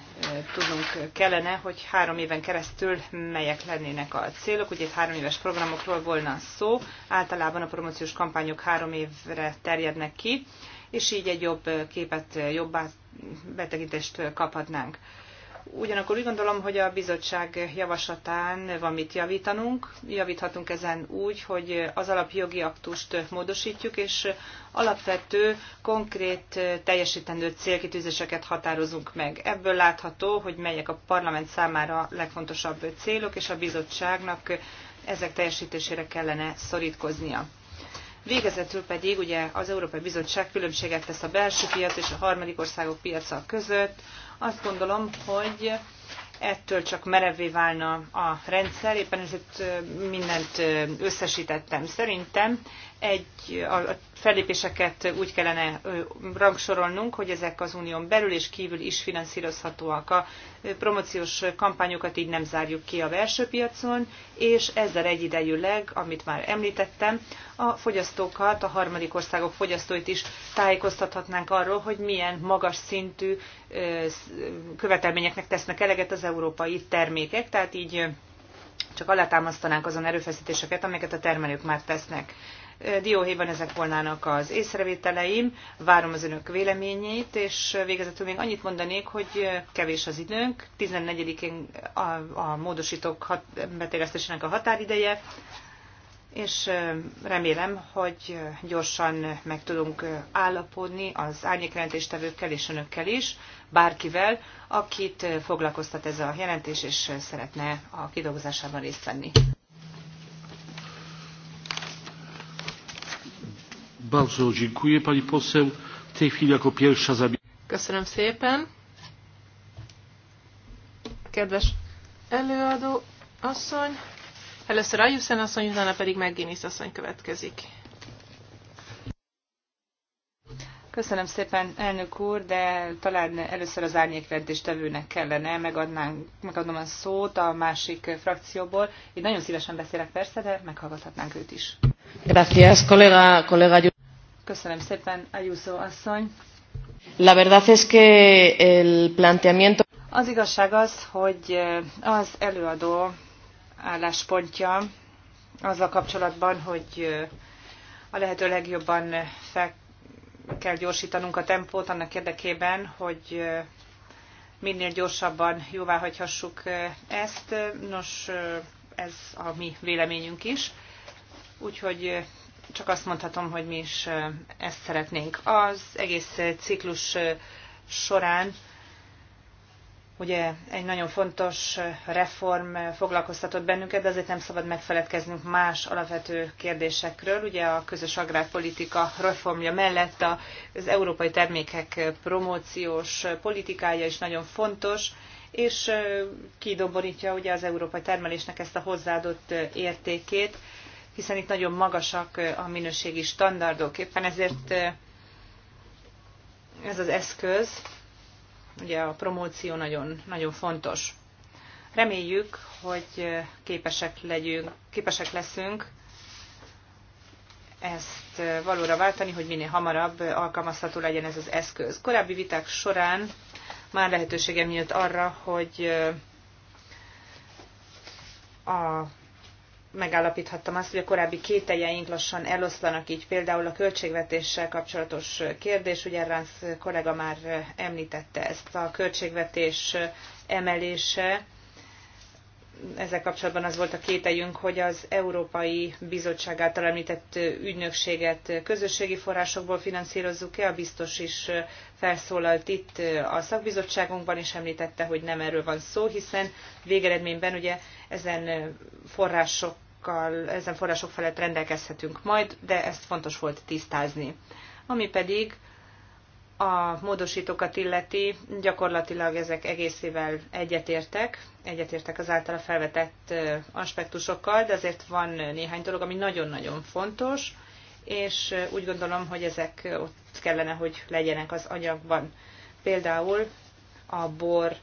tudnunk kellene, hogy három éven keresztül melyek lennének a célok. Ugye itt három éves programokról volna szó, általában a promóciós kampányok három évre terjednek ki, és így egy jobb képet, jobb betekintést kaphatnánk. Ugyanakkor úgy gondolom, hogy a bizottság javaslatán van mit javítanunk. Javíthatunk ezen úgy, hogy az alapjogi aktust módosítjuk, és alapvető, konkrét, teljesítendő célkitűzéseket határozunk meg. Ebből látható, hogy melyek a parlament számára legfontosabb célok, és a bizottságnak ezek teljesítésére kellene szorítkoznia. Végezetül pedig ugye az Európai Bizottság különbséget tesz a belső piac és a harmadik országok piaca között, azt gondolom, hogy ettől csak merevvé válna a rendszer, éppen ezért mindent összesítettem. Szerintem egy, a fellépéseket úgy kellene rangsorolnunk, hogy ezek az unión belül és kívül is finanszírozhatóak. A promóciós kampányokat így nem zárjuk ki a piacon, és ezzel egyidejűleg, amit már említettem, a fogyasztókat, a harmadik országok fogyasztóit is tájékoztathatnánk arról, hogy milyen magas szintű követelményeknek tesznek eleget az európai termékek, tehát így csak alátámasztanánk azon erőfeszítéseket, amelyeket a termelők már tesznek Dióhéjban ezek volnának az észrevételeim, várom az önök véleményét, és végezetül még annyit mondanék, hogy kevés az időnk, 14-én a, a módosítók hat, betélesztésének a határideje, és remélem, hogy gyorsan meg tudunk állapodni az árnyékjelentéstevőkkel és önökkel is, bárkivel, akit foglalkoztat ez a jelentés, és szeretne a kidolgozásában részt venni. Köszönöm szépen. Kedves előadó asszony, először Ajusen asszony, utána pedig Meggénis asszony következik. Köszönöm szépen, elnök úr, de talán először az tevőnek kellene, megadnánk, megadnom a szót a másik frakcióból. Én nagyon szívesen beszélek persze, de meghallgathatnánk őt is. Gracias, kollega, kollega. Köszönöm szépen, Ayuso asszony. La verdad es que el planteamiento... Az igazság az, hogy eh, az előadó álláspontja azzal kapcsolatban, hogy eh, a lehető legjobban fel kell gyorsítanunk a tempót annak érdekében, hogy eh, minél gyorsabban jóvá hagyhassuk ezt. Nos, ez a mi véleményünk is. Úgyhogy csak azt mondhatom, hogy mi is ezt szeretnénk. Az egész ciklus során ugye egy nagyon fontos reform foglalkoztatott bennünket, de azért nem szabad megfeledkeznünk más alapvető kérdésekről. Ugye a közös agrárpolitika reformja mellett az európai termékek promóciós politikája is nagyon fontos, és kidoborítja ugye az európai termelésnek ezt a hozzáadott értékét, hiszen itt nagyon magasak a minőségi standardok. Éppen ezért ez az eszköz, ugye a promóció nagyon, nagyon fontos. Reméljük, hogy képesek, legyünk, képesek leszünk ezt valóra váltani, hogy minél hamarabb alkalmazható legyen ez az eszköz. Korábbi viták során már lehetőségem nyílt arra, hogy a megállapíthattam azt, hogy a korábbi kételjeink lassan eloszlanak így. Például a költségvetéssel kapcsolatos kérdés, ugye Ránsz kollega már említette ezt a költségvetés emelése, ezzel kapcsolatban az volt a kételjünk, hogy az Európai Bizottság által említett ügynökséget közösségi forrásokból finanszírozzuk-e. A biztos is felszólalt itt a szakbizottságunkban, és említette, hogy nem erről van szó, hiszen végeredményben ugye ezen források forrásokkal, ezen források felett rendelkezhetünk majd, de ezt fontos volt tisztázni. Ami pedig a módosítókat illeti, gyakorlatilag ezek egészével egyetértek, egyetértek az általa felvetett aspektusokkal, de azért van néhány dolog, ami nagyon-nagyon fontos, és úgy gondolom, hogy ezek ott kellene, hogy legyenek az anyagban. Például a bor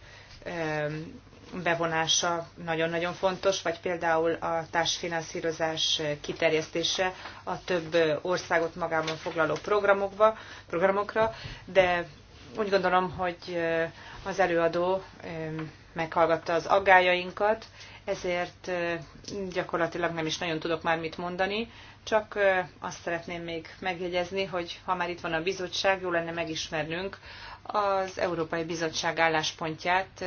bevonása nagyon-nagyon fontos, vagy például a társfinanszírozás kiterjesztése a több országot magában foglaló programokba, programokra, de úgy gondolom, hogy eh, az előadó eh, meghallgatta az aggájainkat, ezért eh, gyakorlatilag nem is nagyon tudok már mit mondani, csak azt szeretném még megjegyezni, hogy ha már itt van a bizottság, jó lenne megismernünk az Európai Bizottság álláspontját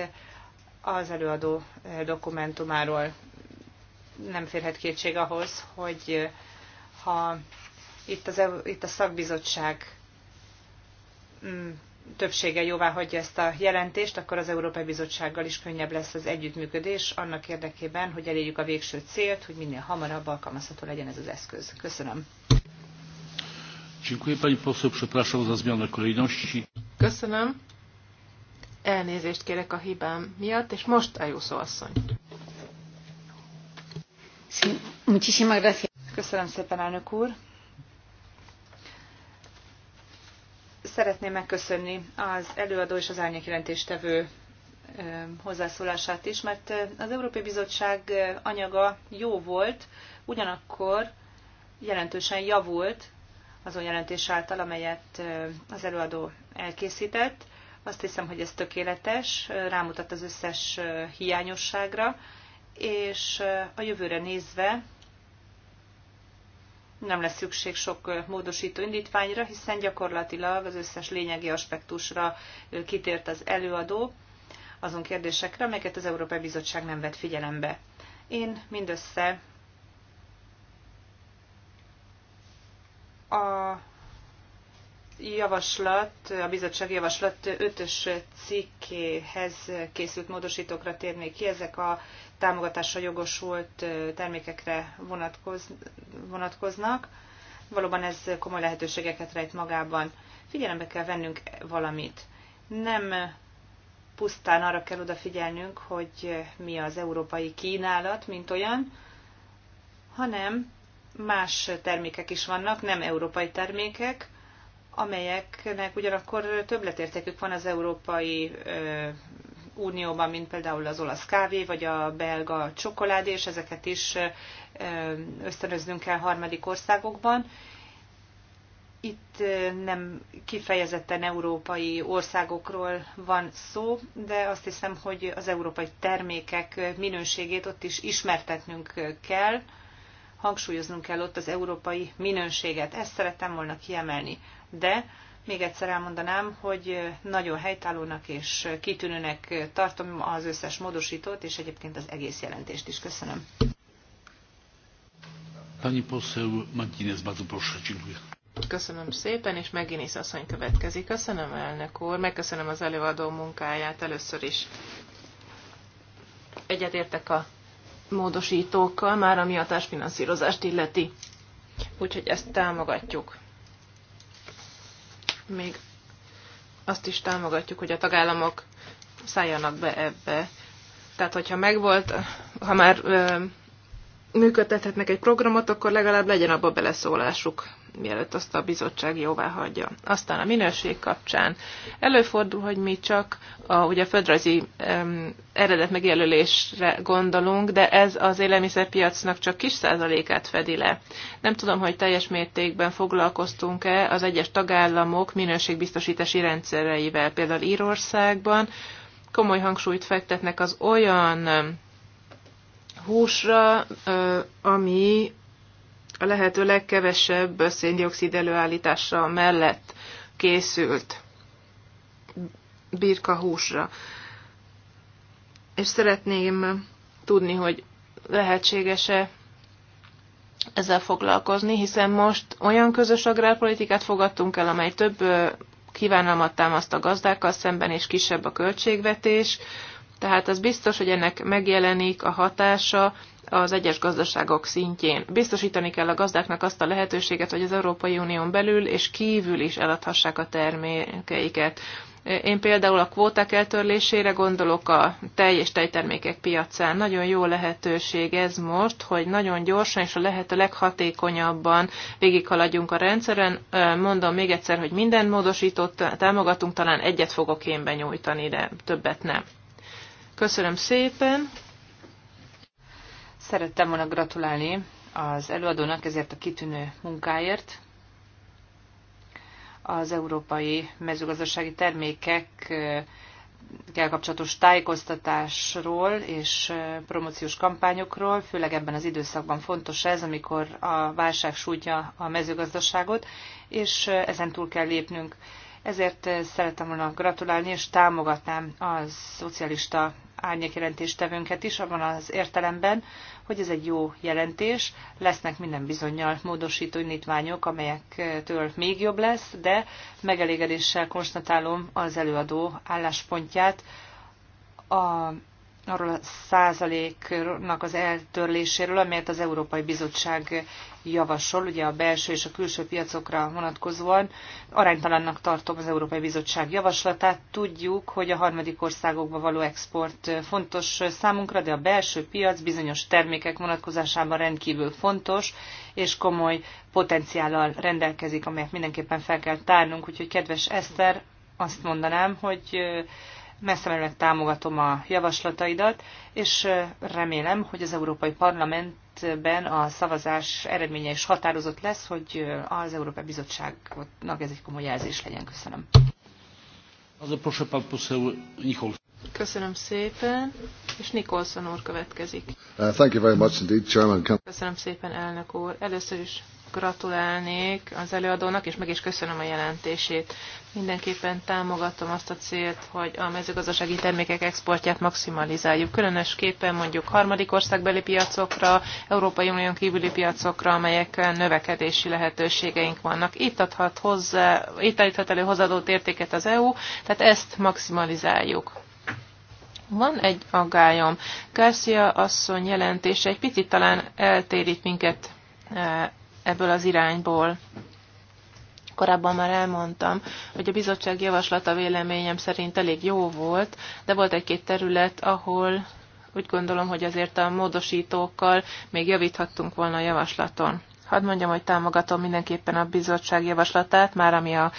az előadó eh, dokumentumáról nem férhet kétség ahhoz, hogy eh, ha itt, az, e itt a szakbizottság mm, többsége jóvá hagyja ezt a jelentést, akkor az Európai Bizottsággal is könnyebb lesz az együttműködés annak érdekében, hogy elérjük a végső célt, hogy minél hamarabb alkalmazható legyen ez az eszköz. Köszönöm. Dziękuję pani poseł, przepraszam za zmianę kolejności. Köszönöm. Elnézést kérek a hibám miatt, és most Ayuso asszony. Köszönöm szépen, elnök úr. Szeretném megköszönni az előadó és az árnyékjelentéstevő hozzászólását is, mert az Európai Bizottság anyaga jó volt, ugyanakkor jelentősen javult azon jelentés által, amelyet az előadó elkészített, azt hiszem, hogy ez tökéletes, rámutat az összes hiányosságra, és a jövőre nézve nem lesz szükség sok módosító indítványra, hiszen gyakorlatilag az összes lényegi aspektusra kitért az előadó azon kérdésekre, amelyeket az Európai Bizottság nem vett figyelembe. Én mindössze a javaslat, a bizottság javaslat ötös cikkéhez készült módosítókra térnék ki. Ezek a támogatásra jogosult termékekre vonatkoz, vonatkoznak. Valóban ez komoly lehetőségeket rejt magában. Figyelembe kell vennünk valamit. Nem pusztán arra kell odafigyelnünk, hogy mi az európai kínálat, mint olyan, hanem más termékek is vannak, nem európai termékek, amelyeknek ugyanakkor többletértékük van az Európai Unióban, mint például az olasz kávé, vagy a belga csokoládé, és ezeket is ösztönöznünk kell harmadik országokban. Itt nem kifejezetten európai országokról van szó, de azt hiszem, hogy az európai termékek minőségét ott is ismertetnünk kell, hangsúlyoznunk kell ott az európai minőséget. Ezt szerettem volna kiemelni de még egyszer elmondanám, hogy nagyon helytállónak és kitűnőnek tartom az összes módosítót, és egyébként az egész jelentést is köszönöm. Pani poseł Martinez, bardzo proszę, dziękuję. Köszönöm szépen, és Meginis asszony következik. Köszönöm, elnök úr, megköszönöm az előadó munkáját először is. Egyetértek a módosítókkal, már ami a társfinanszírozást illeti. Úgyhogy ezt támogatjuk még azt is támogatjuk, hogy a tagállamok szálljanak be ebbe. Tehát, hogyha megvolt, ha már működtethetnek egy programot, akkor legalább legyen abba beleszólásuk, mielőtt azt a bizottság jóvá hagyja. Aztán a minőség kapcsán előfordul, hogy mi csak a, ugye a földrajzi um, eredet megjelölésre gondolunk, de ez az élelmiszerpiacnak csak kis százalékát fedi le. Nem tudom, hogy teljes mértékben foglalkoztunk-e az egyes tagállamok minőségbiztosítási rendszereivel, például Írországban komoly hangsúlyt fektetnek az olyan húsra, ami a lehető legkevesebb széndiokszid előállítása mellett készült birka húsra. És szeretném tudni, hogy lehetséges-e ezzel foglalkozni, hiszen most olyan közös agrárpolitikát fogadtunk el, amely több kívánalmat támaszt a gazdákkal szemben, és kisebb a költségvetés, tehát az biztos, hogy ennek megjelenik a hatása az egyes gazdaságok szintjén. Biztosítani kell a gazdáknak azt a lehetőséget, hogy az Európai Unión belül és kívül is eladhassák a termékeiket. Én például a kvóták eltörlésére gondolok a tej és tejtermékek piacán. Nagyon jó lehetőség ez most, hogy nagyon gyorsan és a lehető leghatékonyabban végighaladjunk a rendszeren. Mondom még egyszer, hogy minden módosított támogatunk, talán egyet fogok én benyújtani, de többet nem. Köszönöm szépen. Szerettem volna gratulálni az előadónak ezért a kitűnő munkáért. Az európai mezőgazdasági termékek kell kapcsolatos tájékoztatásról és promóciós kampányokról, főleg ebben az időszakban fontos ez, amikor a válság sújtja a mezőgazdaságot, és ezen túl kell lépnünk. Ezért eh, szeretem volna gratulálni, és támogatnám a szocialista árnyékjelentéstevőnket is, abban az értelemben, hogy ez egy jó jelentés, lesznek minden bizonyal módosító indítványok, amelyektől még jobb lesz, de megelégedéssel konstatálom az előadó álláspontját a arról a százaléknak az eltörléséről, amelyet az Európai Bizottság javasol, ugye a belső és a külső piacokra vonatkozóan. Aránytalannak tartom az Európai Bizottság javaslatát. Tudjuk, hogy a harmadik országokba való export fontos számunkra, de a belső piac bizonyos termékek vonatkozásában rendkívül fontos, és komoly potenciállal rendelkezik, amelyet mindenképpen fel kell tárnunk. Úgyhogy, kedves Eszter, azt mondanám, hogy messze menőleg támogatom a javaslataidat, és remélem, hogy az Európai Parlamentben a szavazás eredménye is határozott lesz, hogy az Európai Bizottságnak ez egy komoly jelzés legyen. Köszönöm. Köszönöm szépen, és Nikolson úr következik. Uh, Köszönöm szépen, elnök úr. Először is gratulálnék az előadónak, és meg is köszönöm a jelentését. Mindenképpen támogatom azt a célt, hogy a mezőgazdasági termékek exportját maximalizáljuk, különösképpen mondjuk harmadik országbeli piacokra, Európai Unión kívüli piacokra, amelyek növekedési lehetőségeink vannak. Itt adhat hozzá, itt adhat elő hozadott értéket az EU, tehát ezt maximalizáljuk. Van egy aggályom. Garcia asszony jelentése egy picit talán eltérít minket eh, ebből az irányból. Korábban már elmondtam, hogy a bizottság javaslata véleményem szerint elég jó volt, de volt egy-két terület, ahol úgy gondolom, hogy azért a módosítókkal még javíthattunk volna a javaslaton. Hadd mondjam, hogy támogatom mindenképpen a bizottság javaslatát, már ami a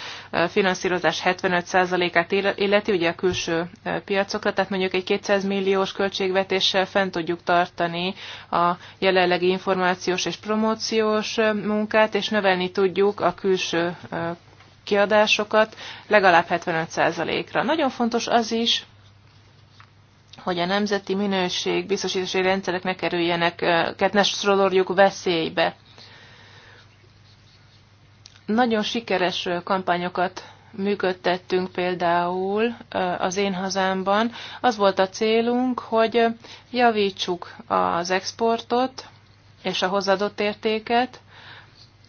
finanszírozás 75%-át illeti, ugye a külső piacokra, tehát mondjuk egy 200 milliós költségvetéssel fent tudjuk tartani a jelenlegi információs és promóciós munkát, és növelni tudjuk a külső kiadásokat legalább 75%-ra. Nagyon fontos az is, hogy a nemzeti minőség biztosítási rendszerek ne kerüljenek, ne sodorjuk veszélybe. Nagyon sikeres kampányokat működtettünk például az én hazámban. Az volt a célunk, hogy javítsuk az exportot és a hozzáadott értéket,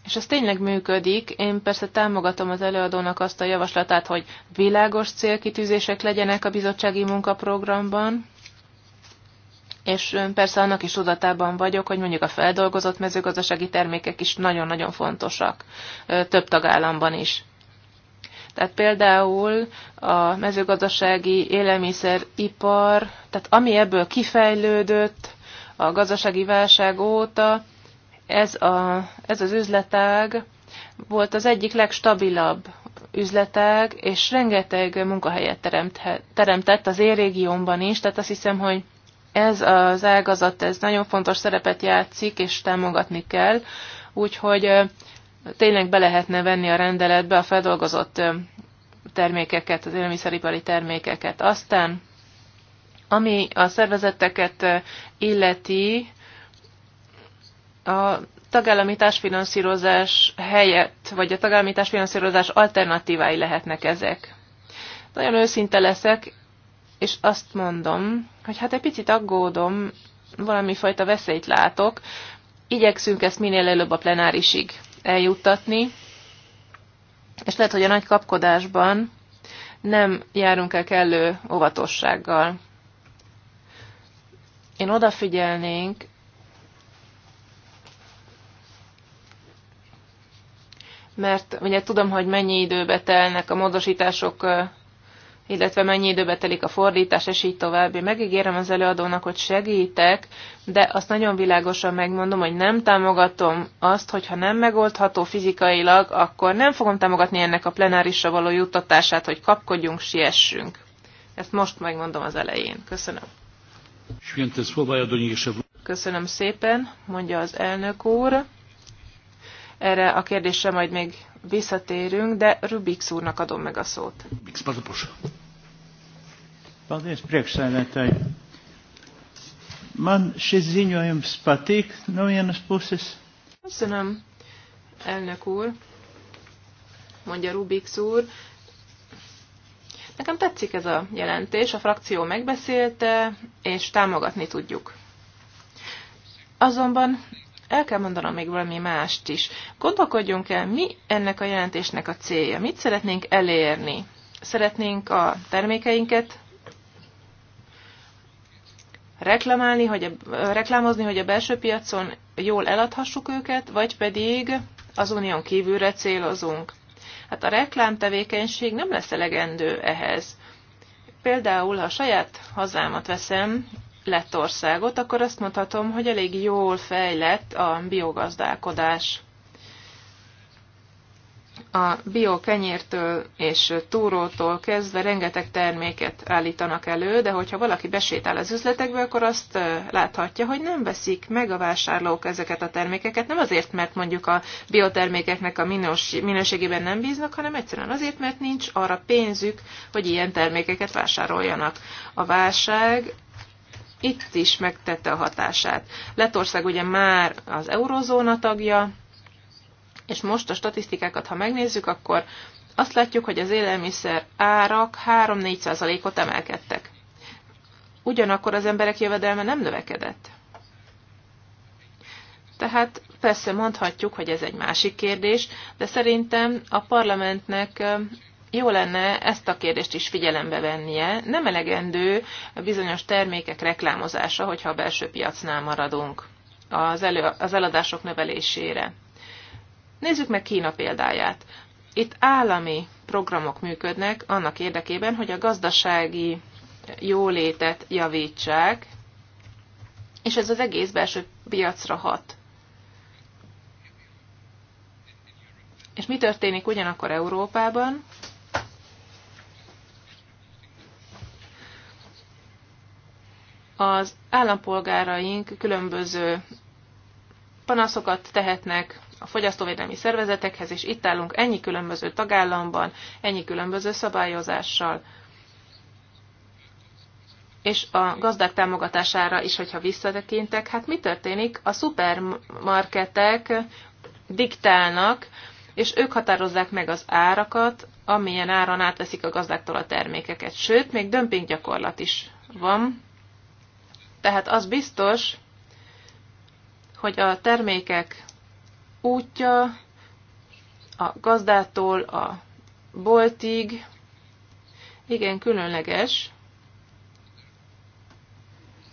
és ez tényleg működik. Én persze támogatom az előadónak azt a javaslatát, hogy világos célkitűzések legyenek a bizottsági munkaprogramban, és persze annak is tudatában vagyok, hogy mondjuk a feldolgozott mezőgazdasági termékek is nagyon-nagyon fontosak több tagállamban is. Tehát például a mezőgazdasági élelmiszeripar, tehát ami ebből kifejlődött a gazdasági válság óta, ez, a, ez az üzletág volt az egyik legstabilabb üzletág, és rengeteg munkahelyet teremtett az én régiómban is, tehát azt hiszem, hogy ez az ágazat, ez nagyon fontos szerepet játszik, és támogatni kell, úgyhogy tényleg be lehetne venni a rendeletbe a feldolgozott termékeket, az élelmiszeripari termékeket. Aztán, ami a szervezeteket illeti, a tagállami társfinanszírozás helyett, vagy a tagállami társfinanszírozás alternatívái lehetnek ezek. Nagyon őszinte leszek, és azt mondom, hogy hát egy picit aggódom, valami fajta veszélyt látok, igyekszünk ezt minél előbb a plenárisig eljuttatni, és lehet, hogy a nagy kapkodásban nem járunk el kellő óvatossággal. Én odafigyelnénk, mert ugye tudom, hogy mennyi időbe telnek a módosítások illetve mennyi időbe telik a fordítás, és így tovább. Én megígérem az előadónak, hogy segítek, de azt nagyon világosan megmondom, hogy nem támogatom azt, hogyha nem megoldható fizikailag, akkor nem fogom támogatni ennek a plenárisra való juttatását, hogy kapkodjunk, siessünk. Ezt most megmondom az elején. Köszönöm. Köszönöm szépen, mondja az elnök úr. Erre a kérdésre majd még visszatérünk, de Rubik úrnak adom meg a szót. Man Köszönöm, elnök úr, mondja Rubik úr. Nekem tetszik ez a jelentés, a frakció megbeszélte, és támogatni tudjuk. Azonban el kell mondanom még valami mást is. Gondolkodjunk el, mi ennek a jelentésnek a célja, mit szeretnénk elérni. Szeretnénk a termékeinket reklamálni, hogy a, reklámozni, hogy a belső piacon jól eladhassuk őket, vagy pedig az unión kívülre célozunk. Hát a reklámtevékenység nem lesz elegendő ehhez. Például, ha saját hazámat veszem, országot, akkor azt mondhatom, hogy elég jól fejlett a biogazdálkodás. A biokenyértől és túrótól kezdve rengeteg terméket állítanak elő, de hogyha valaki besétál az üzletekbe, akkor azt láthatja, hogy nem veszik meg a vásárlók ezeket a termékeket, nem azért, mert mondjuk a biotermékeknek a minőségében nem bíznak, hanem egyszerűen azért, mert nincs arra pénzük, hogy ilyen termékeket vásároljanak. A válság itt is megtette a hatását. Letország ugye már az eurozóna tagja, és most a statisztikákat, ha megnézzük, akkor azt látjuk, hogy az élelmiszer árak 3-4%-ot emelkedtek. Ugyanakkor az emberek jövedelme nem növekedett. Tehát persze mondhatjuk, hogy ez egy másik kérdés, de szerintem a parlamentnek jó lenne ezt a kérdést is figyelembe vennie. Nem elegendő a bizonyos termékek reklámozása, hogyha a belső piacnál maradunk az, elő, az eladások növelésére. Nézzük meg Kína példáját. Itt állami programok működnek annak érdekében, hogy a gazdasági jólétet javítsák, és ez az egész belső piacra hat. És mi történik ugyanakkor Európában? az állampolgáraink különböző panaszokat tehetnek a fogyasztóvédelmi szervezetekhez, és itt állunk ennyi különböző tagállamban, ennyi különböző szabályozással. És a gazdák támogatására is, hogyha visszatekintek, hát mi történik? A szupermarketek diktálnak, és ők határozzák meg az árakat, amilyen áron átveszik a gazdáktól a termékeket. Sőt, még dömping gyakorlat is van, tehát az biztos, hogy a termékek útja a gazdától a boltig igen különleges,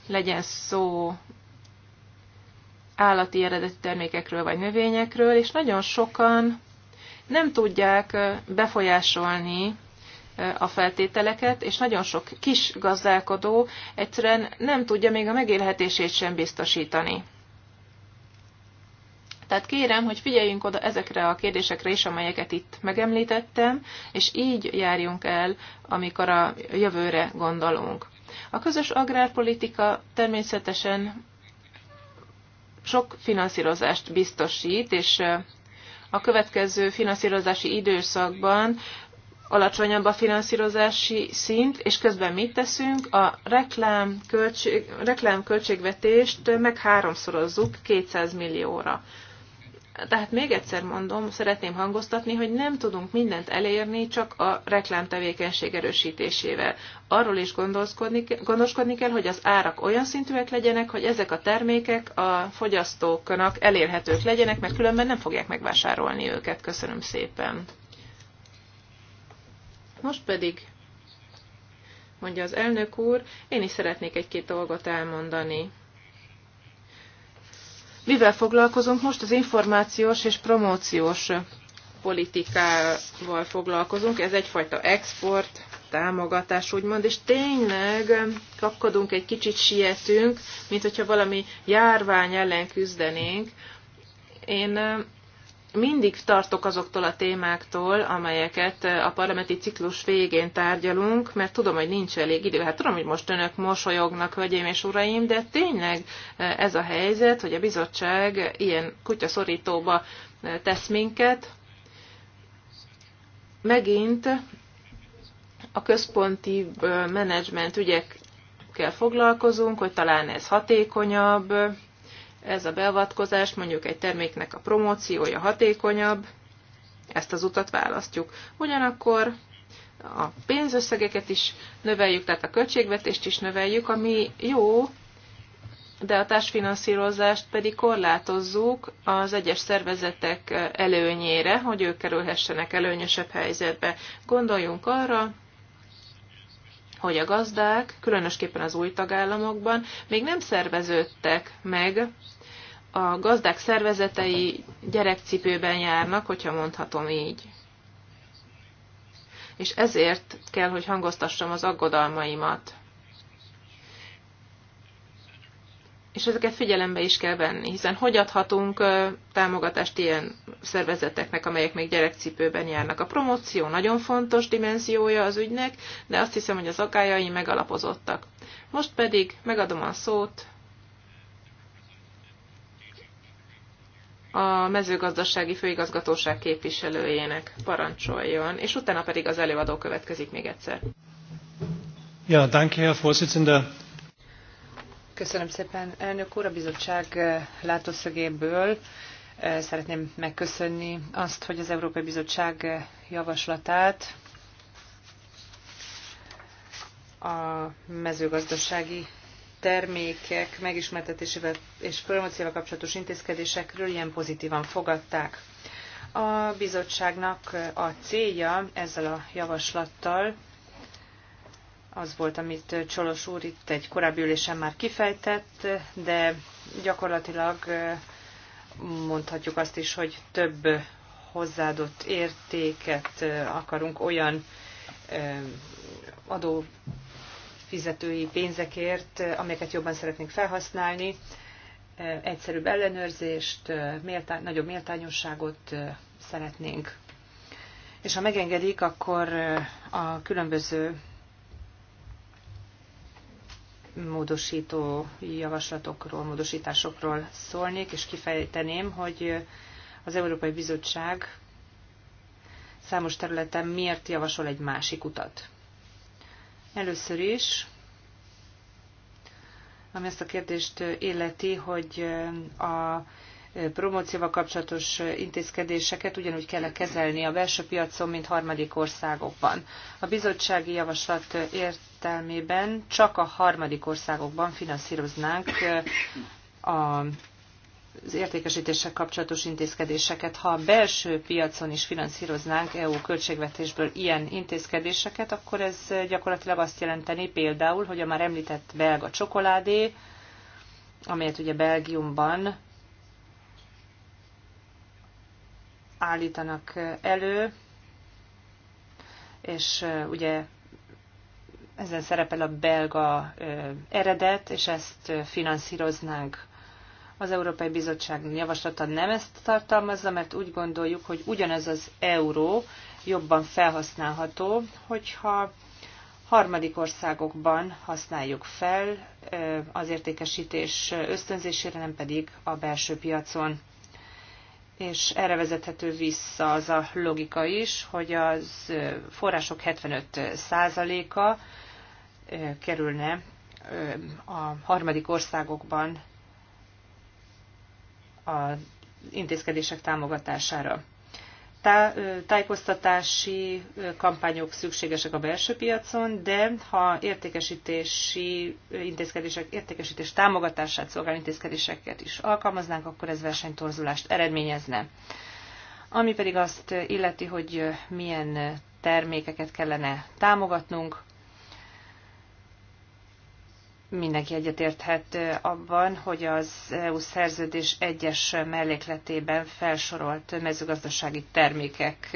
legyen szó állati eredetű termékekről vagy növényekről, és nagyon sokan nem tudják befolyásolni a feltételeket, és nagyon sok kis gazdálkodó egyszerűen nem tudja még a megélhetését sem biztosítani. Tehát kérem, hogy figyeljünk oda ezekre a kérdésekre is, amelyeket itt megemlítettem, és így járjunk el, amikor a jövőre gondolunk. A közös agrárpolitika természetesen sok finanszírozást biztosít, és a következő finanszírozási időszakban alacsonyabb a finanszírozási szint, és közben mit teszünk? A reklám, költség, reklám költségvetést meg háromszorozzuk 200 millióra. Tehát még egyszer mondom, szeretném hangoztatni, hogy nem tudunk mindent elérni csak a reklámtevékenység erősítésével. Arról is gondoskodni, gondoskodni kell, hogy az árak olyan szintűek legyenek, hogy ezek a termékek a fogyasztóknak elérhetők legyenek, mert különben nem fogják megvásárolni őket. Köszönöm szépen. Most pedig, mondja az elnök úr, én is szeretnék egy-két dolgot elmondani. Mivel foglalkozunk most? Az információs és promóciós politikával foglalkozunk. Ez egyfajta export, támogatás, úgymond, és tényleg kapkodunk egy kicsit, sietünk, mint hogyha valami járvány ellen küzdenénk. Én mindig tartok azoktól a témáktól, amelyeket a parlamenti ciklus végén tárgyalunk, mert tudom, hogy nincs elég idő. Hát tudom, hogy most önök mosolyognak, hölgyeim és uraim, de tényleg ez a helyzet, hogy a bizottság ilyen kutyaszorítóba tesz minket. Megint a központi menedzsment ügyekkel foglalkozunk, hogy talán ez hatékonyabb, ez a beavatkozás, mondjuk egy terméknek a promóciója hatékonyabb, ezt az utat választjuk. Ugyanakkor a pénzösszegeket is növeljük, tehát a költségvetést is növeljük, ami jó, de a társfinanszírozást pedig korlátozzuk az egyes szervezetek előnyére, hogy ők kerülhessenek előnyösebb helyzetbe. Gondoljunk arra, hogy a gazdák, különösképpen az új tagállamokban, még nem szerveződtek meg a gazdák szervezetei gyerekcipőben járnak, hogyha mondhatom így. És ezért kell, hogy hangoztassam az aggodalmaimat. És ezeket figyelembe is kell venni, hiszen hogy adhatunk támogatást ilyen szervezeteknek, amelyek még gyerekcipőben járnak. A promóció nagyon fontos dimenziója az ügynek, de azt hiszem, hogy az akályai megalapozottak. Most pedig megadom a szót a mezőgazdasági főigazgatóság képviselőjének parancsoljon, és utána pedig az előadó következik még egyszer. Ja, danke, Herr Vorsitzender. Köszönöm szépen, elnök úr, a bizottság eh, látószögéből eh, szeretném megköszönni azt, hogy az Európai Bizottság eh, javaslatát a mezőgazdasági termékek megismertetésével és promócióval kapcsolatos intézkedésekről ilyen pozitívan fogadták. A bizottságnak a célja ezzel a javaslattal az volt, amit Csolos úr itt egy korábbi ülésen már kifejtett, de gyakorlatilag mondhatjuk azt is, hogy több hozzáadott értéket akarunk olyan adó fizetői pénzekért, amelyeket jobban szeretnénk felhasználni, egyszerűbb ellenőrzést, méltá- nagyobb méltányosságot szeretnénk. És ha megengedik, akkor a különböző módosító javaslatokról, módosításokról szólnék, és kifejteném, hogy az Európai Bizottság számos területen miért javasol egy másik utat. Először is, ami ezt a kérdést illeti, hogy a promócióval kapcsolatos intézkedéseket ugyanúgy kell -e kezelni a belső piacon, mint harmadik országokban. A bizottsági javaslat értelmében csak a harmadik országokban finanszíroznánk a az értékesítéssel kapcsolatos intézkedéseket. Ha a belső piacon is finanszíroznánk EU költségvetésből ilyen intézkedéseket, akkor ez gyakorlatilag azt jelenteni például, hogy a már említett belga csokoládé, amelyet ugye Belgiumban állítanak elő, és ugye ezen szerepel a belga eredet, és ezt finanszíroznánk az Európai Bizottság javaslata nem ezt tartalmazza, mert úgy gondoljuk, hogy ugyanez az euró jobban felhasználható, hogyha harmadik országokban használjuk fel az értékesítés ösztönzésére, nem pedig a belső piacon. És erre vezethető vissza az a logika is, hogy az források 75%-a kerülne a harmadik országokban az intézkedések támogatására. Tá, tájékoztatási kampányok szükségesek a belső piacon, de ha értékesítési intézkedések, értékesítés támogatását szolgáló intézkedéseket is alkalmaznánk, akkor ez versenytorzulást eredményezne. Ami pedig azt illeti, hogy milyen termékeket kellene támogatnunk, mindenki egyetérthet abban, hogy az EU szerződés egyes mellékletében felsorolt mezőgazdasági termékek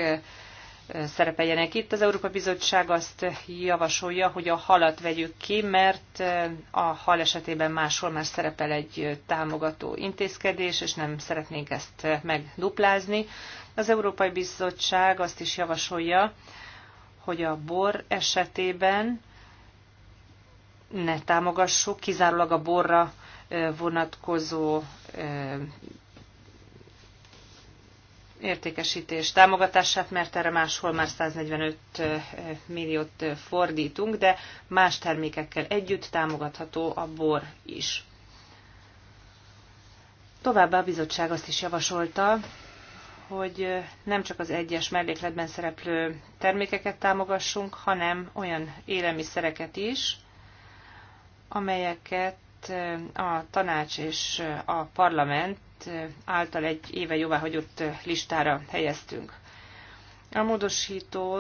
szerepeljenek itt. Az Európa Bizottság azt javasolja, hogy a halat vegyük ki, mert a hal esetében máshol már szerepel egy támogató intézkedés, és nem szeretnénk ezt megduplázni. Az Európai Bizottság azt is javasolja, hogy a bor esetében ne támogassuk, kizárólag a borra vonatkozó értékesítés támogatását, mert erre máshol már 145 milliót fordítunk, de más termékekkel együtt támogatható a bor is. Továbbá a bizottság azt is javasolta, hogy nem csak az egyes mellékletben szereplő termékeket támogassunk, hanem olyan élelmiszereket is, amelyeket a tanács és a parlament által egy éve jóváhagyott listára helyeztünk. A módosító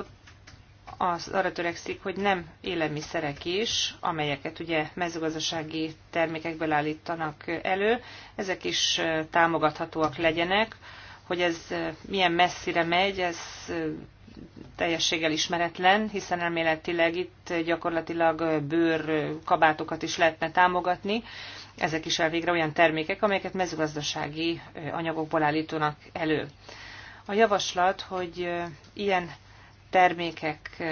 az arra törekszik, hogy nem élelmiszerek is, amelyeket ugye mezőgazdasági termékekből állítanak elő, ezek is támogathatóak legyenek. Hogy ez milyen messzire megy, ez teljességgel ismeretlen, hiszen elméletileg itt gyakorlatilag bőr kabátokat is lehetne támogatni. Ezek is elvégre olyan termékek, amelyeket mezőgazdasági anyagokból állítanak elő. A javaslat, hogy ilyen termékek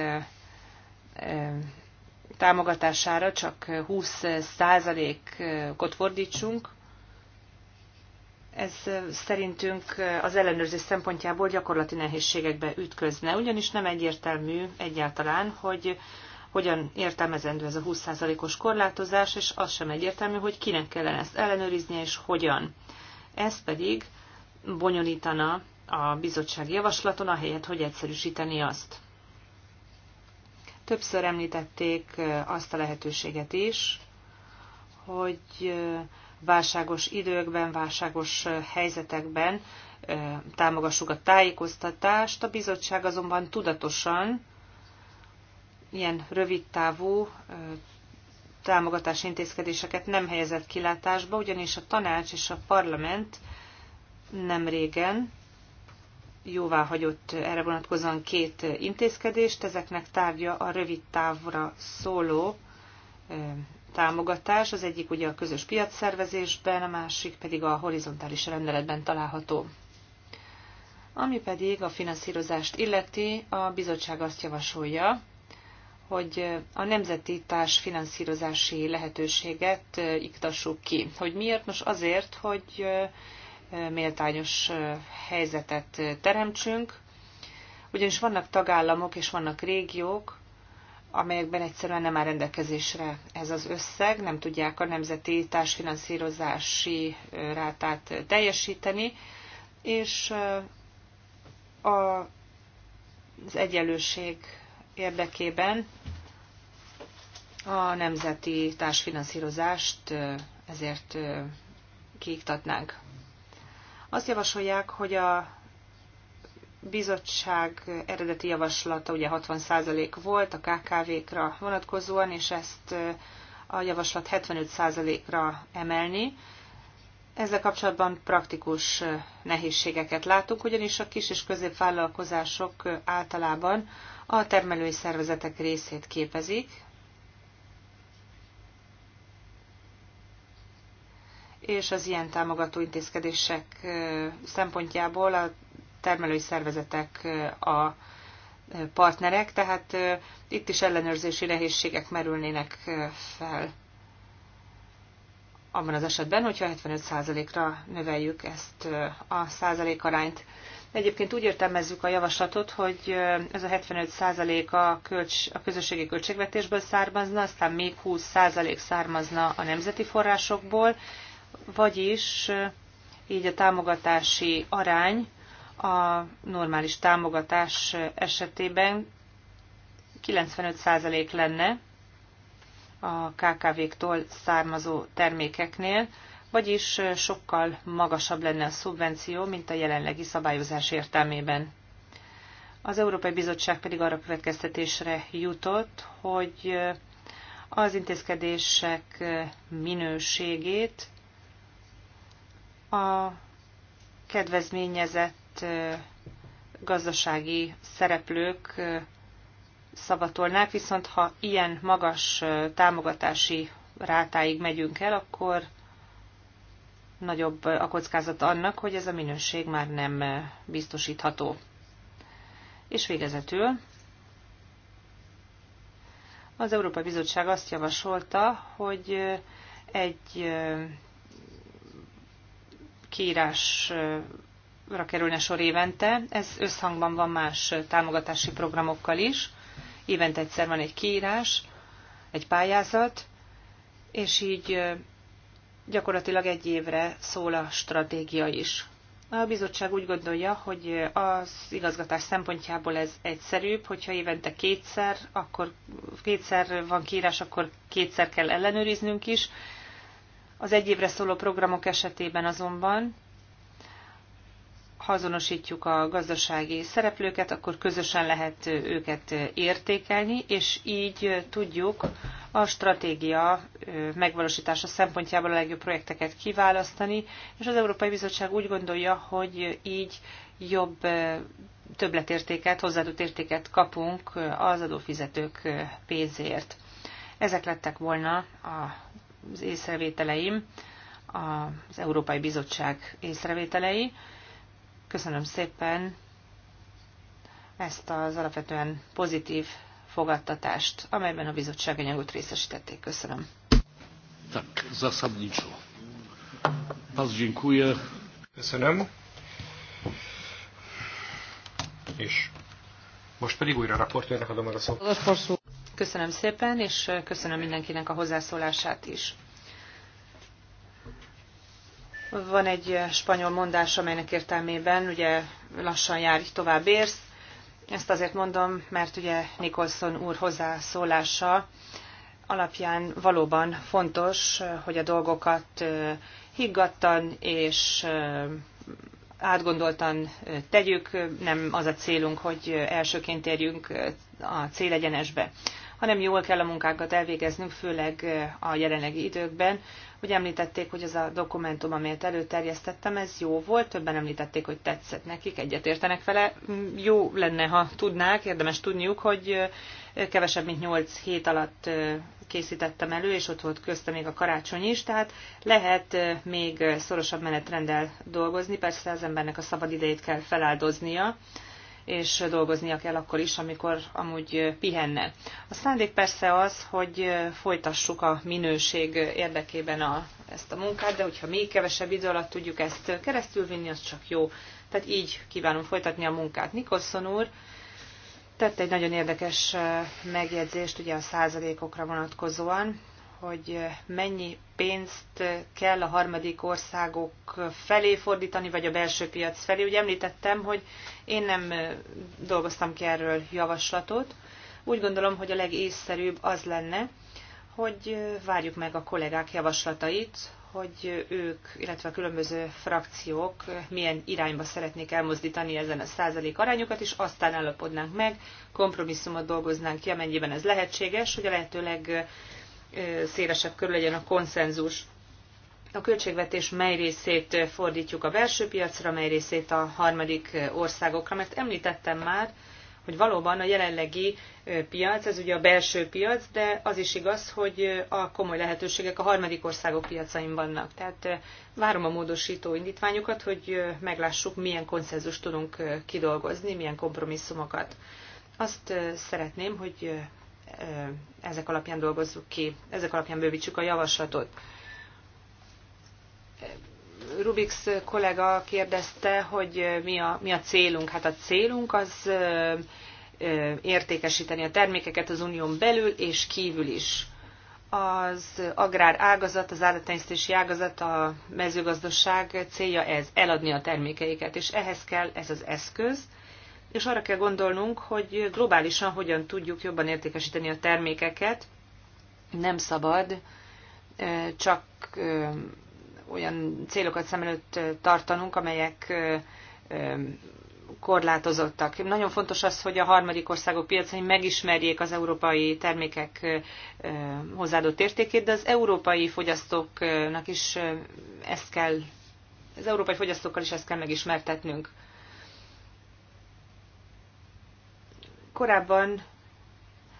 támogatására csak 20%-ot fordítsunk, ez szerintünk az ellenőrzés szempontjából gyakorlati nehézségekbe ütközne, ugyanis nem egyértelmű egyáltalán, hogy hogyan értelmezendő ez a 20%-os korlátozás, és az sem egyértelmű, hogy kinek kellene ezt ellenőriznie, és hogyan. Ez pedig bonyolítana a bizottság javaslaton, ahelyett, hogy egyszerűsíteni azt. Többször említették azt a lehetőséget is, hogy válságos időkben, válságos helyzetekben támogassuk a tájékoztatást. A bizottság azonban tudatosan ilyen rövidtávú támogatási intézkedéseket nem helyezett kilátásba, ugyanis a tanács és a parlament nem régen jóvá hagyott erre vonatkozóan két intézkedést, ezeknek tárgya a rövid távra szóló támogatás, az egyik ugye a közös piacszervezésben, a másik pedig a horizontális rendeletben található. Ami pedig a finanszírozást illeti, a bizottság azt javasolja, hogy a nemzeti társfinanszírozási lehetőséget iktassuk ki. Hogy miért? Most azért, hogy méltányos helyzetet teremtsünk, ugyanis vannak tagállamok és vannak régiók, amelyekben egyszerűen nem áll rendelkezésre ez az összeg, nem tudják a nemzeti társfinanszírozási rátát teljesíteni, és az egyenlőség érdekében a nemzeti társfinanszírozást ezért kiiktatnánk. Azt javasolják, hogy a bizottság eredeti javaslata ugye 60% volt a KKV-kra vonatkozóan, és ezt eh, a javaslat 75%-ra emelni. Ezzel kapcsolatban praktikus eh, nehézségeket látunk, ugyanis a kis és középvállalkozások eh, általában a termelői szervezetek részét képezik, és az ilyen támogató intézkedések szempontjából a termelői szervezetek a partnerek, tehát itt is ellenőrzési nehézségek merülnének fel abban az esetben, hogyha 75%-ra növeljük ezt a százalékarányt. Egyébként úgy értelmezzük a javaslatot, hogy ez a 75% a, költs, a közösségi költségvetésből származna, aztán még 20% származna a nemzeti forrásokból, vagyis így a támogatási arány a normális támogatás esetében 95% lenne a KKV-któl származó termékeknél, vagyis sokkal magasabb lenne a szubvenció, mint a jelenlegi szabályozás értelmében. Az Európai Bizottság pedig arra következtetésre jutott, hogy az intézkedések minőségét a kedvezményezett gazdasági szereplők szavatolnák, viszont ha ilyen magas támogatási rátáig megyünk el, akkor nagyobb a kockázat annak, hogy ez a minőség már nem biztosítható. És végezetül az Európai Bizottság azt javasolta, hogy egy kiírás kerülne sor évente. Ez összhangban van más támogatási programokkal is. Évente egyszer van egy kiírás, egy pályázat, és így gyakorlatilag egy évre szól a stratégia is. A bizottság úgy gondolja, hogy az igazgatás szempontjából ez egyszerűbb, hogyha évente kétszer, akkor kétszer van kiírás, akkor kétszer kell ellenőriznünk is. Az egy évre szóló programok esetében azonban ha azonosítjuk a gazdasági szereplőket, akkor közösen lehet őket értékelni, és így tudjuk a stratégia megvalósítása szempontjából a legjobb projekteket kiválasztani, és az Európai Bizottság úgy gondolja, hogy így jobb többletértéket, hozzáadott értéket kapunk az adófizetők pénzért. Ezek lettek volna az észrevételeim, az Európai Bizottság észrevételei. Köszönöm szépen ezt az alapvetően pozitív fogadtatást, amelyben a bizottság anyagot részesítették. Köszönöm. Tak, zasadniczo. Bardzo dziękuję. Köszönöm. És most pedig újra raportőrnek adom a szót. Köszönöm szépen, és köszönöm mindenkinek a hozzászólását is. Van egy eh, spanyol mondás, amelynek értelmében ugye lassan jár, tovább érsz. Ezt azért mondom, mert ugye Nicholson úr hozzászólása alapján valóban fontos, eh, hogy a dolgokat eh, higgadtan és átgondoltan tegyük, nem az a célunk, hogy elsőként érjünk a célegyenesbe hanem jól kell a munkánkat elvégeznünk, főleg eh, a jelenlegi időkben. Ugye említették, hogy az a dokumentum, amelyet előterjesztettem, ez jó volt, többen említették, hogy tetszett nekik, egyetértenek vele. Mm, jó lenne, ha tudnák, érdemes tudniuk, hogy eh, kevesebb, mint 8 hét alatt eh, készítettem elő, és ott volt közte még a karácsony is, tehát lehet még szorosabb menetrenddel dolgozni, persze az embernek a szabad idejét kell feláldoznia, és dolgoznia kell akkor is, amikor amúgy pihenne. A szándék persze az, hogy folytassuk a minőség érdekében a, ezt a munkát, de hogyha még kevesebb idő alatt tudjuk ezt keresztülvinni, az csak jó. Tehát így kívánom folytatni a munkát. Nikolson úr tett egy nagyon érdekes megjegyzést ugye a százalékokra vonatkozóan hogy mennyi pénzt kell a harmadik országok felé fordítani, vagy a belső piac felé. Ugye említettem, hogy én nem dolgoztam ki erről javaslatot. Úgy gondolom, hogy a legészszerűbb az lenne, hogy várjuk meg a kollégák javaslatait, hogy ők, illetve a különböző frakciók milyen irányba szeretnék elmozdítani ezen a százalék arányokat, és aztán állapodnánk meg, kompromisszumot dolgoznánk ki, amennyiben ez lehetséges, hogy a lehetőleg szélesebb körül legyen a konszenzus. A költségvetés mely részét fordítjuk a belső piacra, mely részét a harmadik országokra, mert említettem már, hogy valóban a jelenlegi piac, ez ugye a belső piac, de az is igaz, hogy a komoly lehetőségek a harmadik országok piacain vannak. Tehát várom a módosító indítványokat, hogy meglássuk, milyen konszenzust tudunk kidolgozni, milyen kompromisszumokat. Azt szeretném, hogy ezek alapján dolgozzuk ki, ezek alapján bővítsük a javaslatot. Rubix kollega kérdezte, hogy mi a, mi a célunk. Hát a célunk az értékesíteni a termékeket az unión belül és kívül is. Az agrár ágazat, az állattenyésztési ágazat, a mezőgazdaság célja ez, eladni a termékeiket, és ehhez kell ez az eszköz, és arra kell gondolnunk, hogy globálisan hogyan tudjuk jobban értékesíteni a termékeket. Nem szabad csak olyan célokat szem előtt tartanunk, amelyek korlátozottak. Nagyon fontos az, hogy a harmadik országok piacai megismerjék az európai termékek hozzáadott értékét, de az európai fogyasztóknak is ezt kell, az európai fogyasztókkal is ezt kell megismertetnünk. Korábban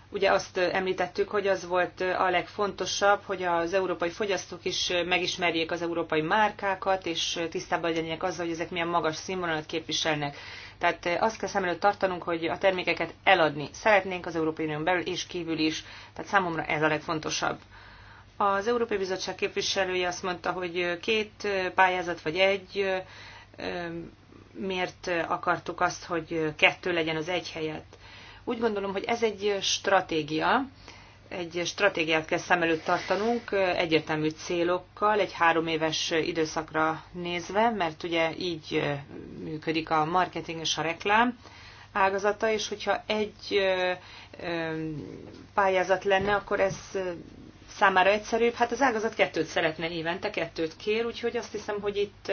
ugye azt említettük, hogy az volt a legfontosabb, hogy az európai fogyasztók is megismerjék az európai márkákat, és tisztában legyenek azzal, hogy ezek milyen magas színvonalat képviselnek. Tehát azt kell szem előtt tartanunk, hogy a termékeket eladni szeretnénk az Európai Unión belül és kívül is. Tehát számomra ez a legfontosabb. Az Európai Bizottság képviselője azt mondta, hogy két pályázat vagy egy, miért akartuk azt, hogy kettő legyen az egy helyett. Úgy gondolom, hogy ez egy stratégia, egy stratégiát kell szem előtt tartanunk, egyértelmű célokkal, egy három éves időszakra nézve, mert ugye így működik a marketing és a reklám ágazata, és hogyha egy pályázat lenne, akkor ez számára egyszerűbb. Hát az ágazat kettőt szeretne évente, kettőt kér, úgyhogy azt hiszem, hogy itt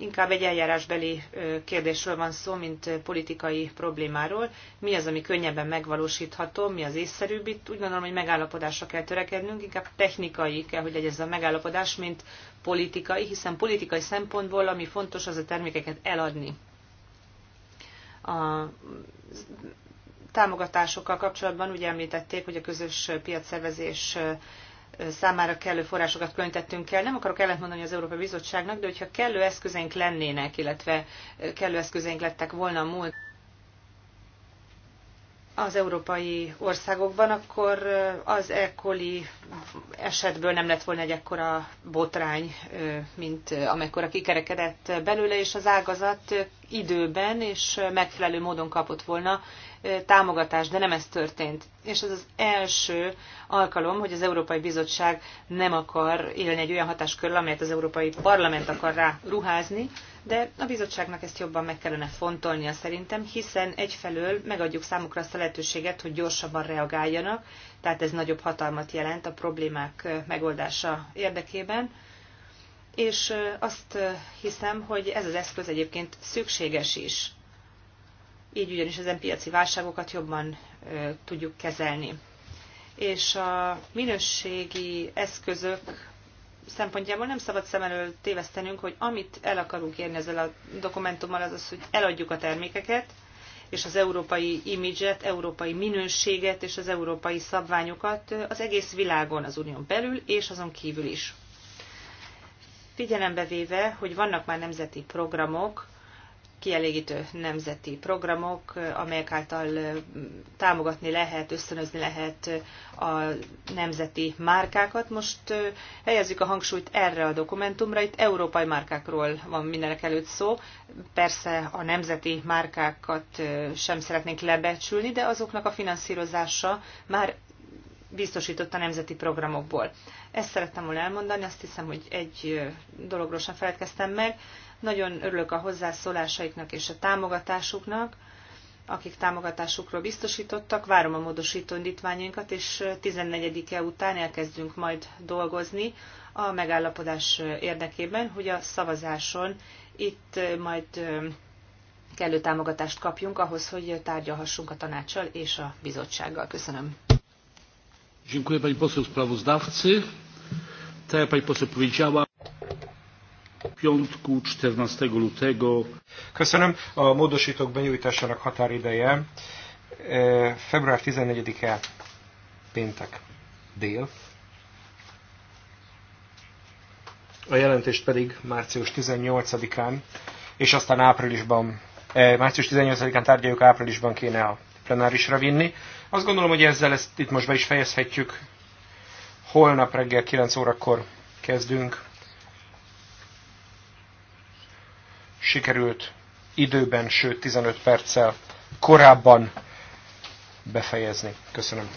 Inkább egy eljárásbeli kérdésről van szó, mint politikai problémáról. Mi az, ami könnyebben megvalósítható, mi az észszerűbb itt? Úgy gondolom, hogy megállapodásra kell törekednünk, inkább technikai kell, hogy legyen ez a megállapodás, mint politikai, hiszen politikai szempontból ami fontos, az a termékeket eladni. A támogatásokkal kapcsolatban ugye említették, hogy a közös piacszervezés számára kellő forrásokat különítettünk el. Nem akarok ellentmondani az Európai Bizottságnak, de hogyha kellő eszközeink lennének, illetve kellő eszközeink lettek volna a múlt az európai országokban, akkor az ekkoli esetből nem lett volna egy ekkora botrány, mint amekkora kikerekedett belőle, és az ágazat időben és megfelelő módon kapott volna támogatás, de nem ez történt. És ez az első alkalom, hogy az Európai Bizottság nem akar élni egy olyan hatáskörrel, amelyet az Európai Parlament akar rá ruházni, de a bizottságnak ezt jobban meg kellene fontolnia szerintem, hiszen egyfelől megadjuk számukra azt a lehetőséget, hogy gyorsabban reagáljanak, tehát ez nagyobb hatalmat jelent a problémák megoldása érdekében, és azt hiszem, hogy ez az eszköz egyébként szükséges is így ugyanis ezen piaci válságokat jobban tudjuk kezelni. És a minőségi eszközök szempontjából nem szabad szem elől tévesztenünk, hogy amit el akarunk érni ezzel a dokumentummal, az az, hogy eladjuk a termékeket, és az európai imidzset, európai minőséget és az európai szabványokat az egész világon, az unión belül és azon kívül is. Figyelembe véve, hogy vannak már nemzeti programok, kielégítő nemzeti programok, amelyek által támogatni lehet, ösztönözni lehet a nemzeti márkákat. Most helyezzük a hangsúlyt erre a dokumentumra, itt európai márkákról van mindenek előtt szó. Persze a nemzeti márkákat sem szeretnénk lebecsülni, de azoknak a finanszírozása már biztosított a nemzeti programokból. Ezt szerettem volna elmondani, azt hiszem, hogy egy dologról sem feledkeztem meg. Nagyon örülök a hozzászólásaiknak és a támogatásuknak, akik támogatásukról biztosítottak. Várom a módosító indítványainkat, és 14-e után elkezdünk majd dolgozni a megállapodás érdekében, hogy a szavazáson itt majd kellő támogatást kapjunk ahhoz, hogy tárgyalhassunk a tanácssal és a bizottsággal. Köszönöm. Dziękuję pani poseł sprawozdawcy. Tak jak pani poseł powiedziała piątku 14 lutego. Köszönöm. A módosítók benyújtásának határideje e, február 14-e péntek dél. A jelentést pedig március 18-án, és aztán áprilisban, e, március 18-án tárgyaljuk, áprilisban kéne a plenárisra vinni. Azt gondolom, hogy ezzel ezt itt most be is fejezhetjük. Holnap reggel 9 órakor kezdünk sikerült időben, sőt 15 perccel korábban befejezni. Köszönöm.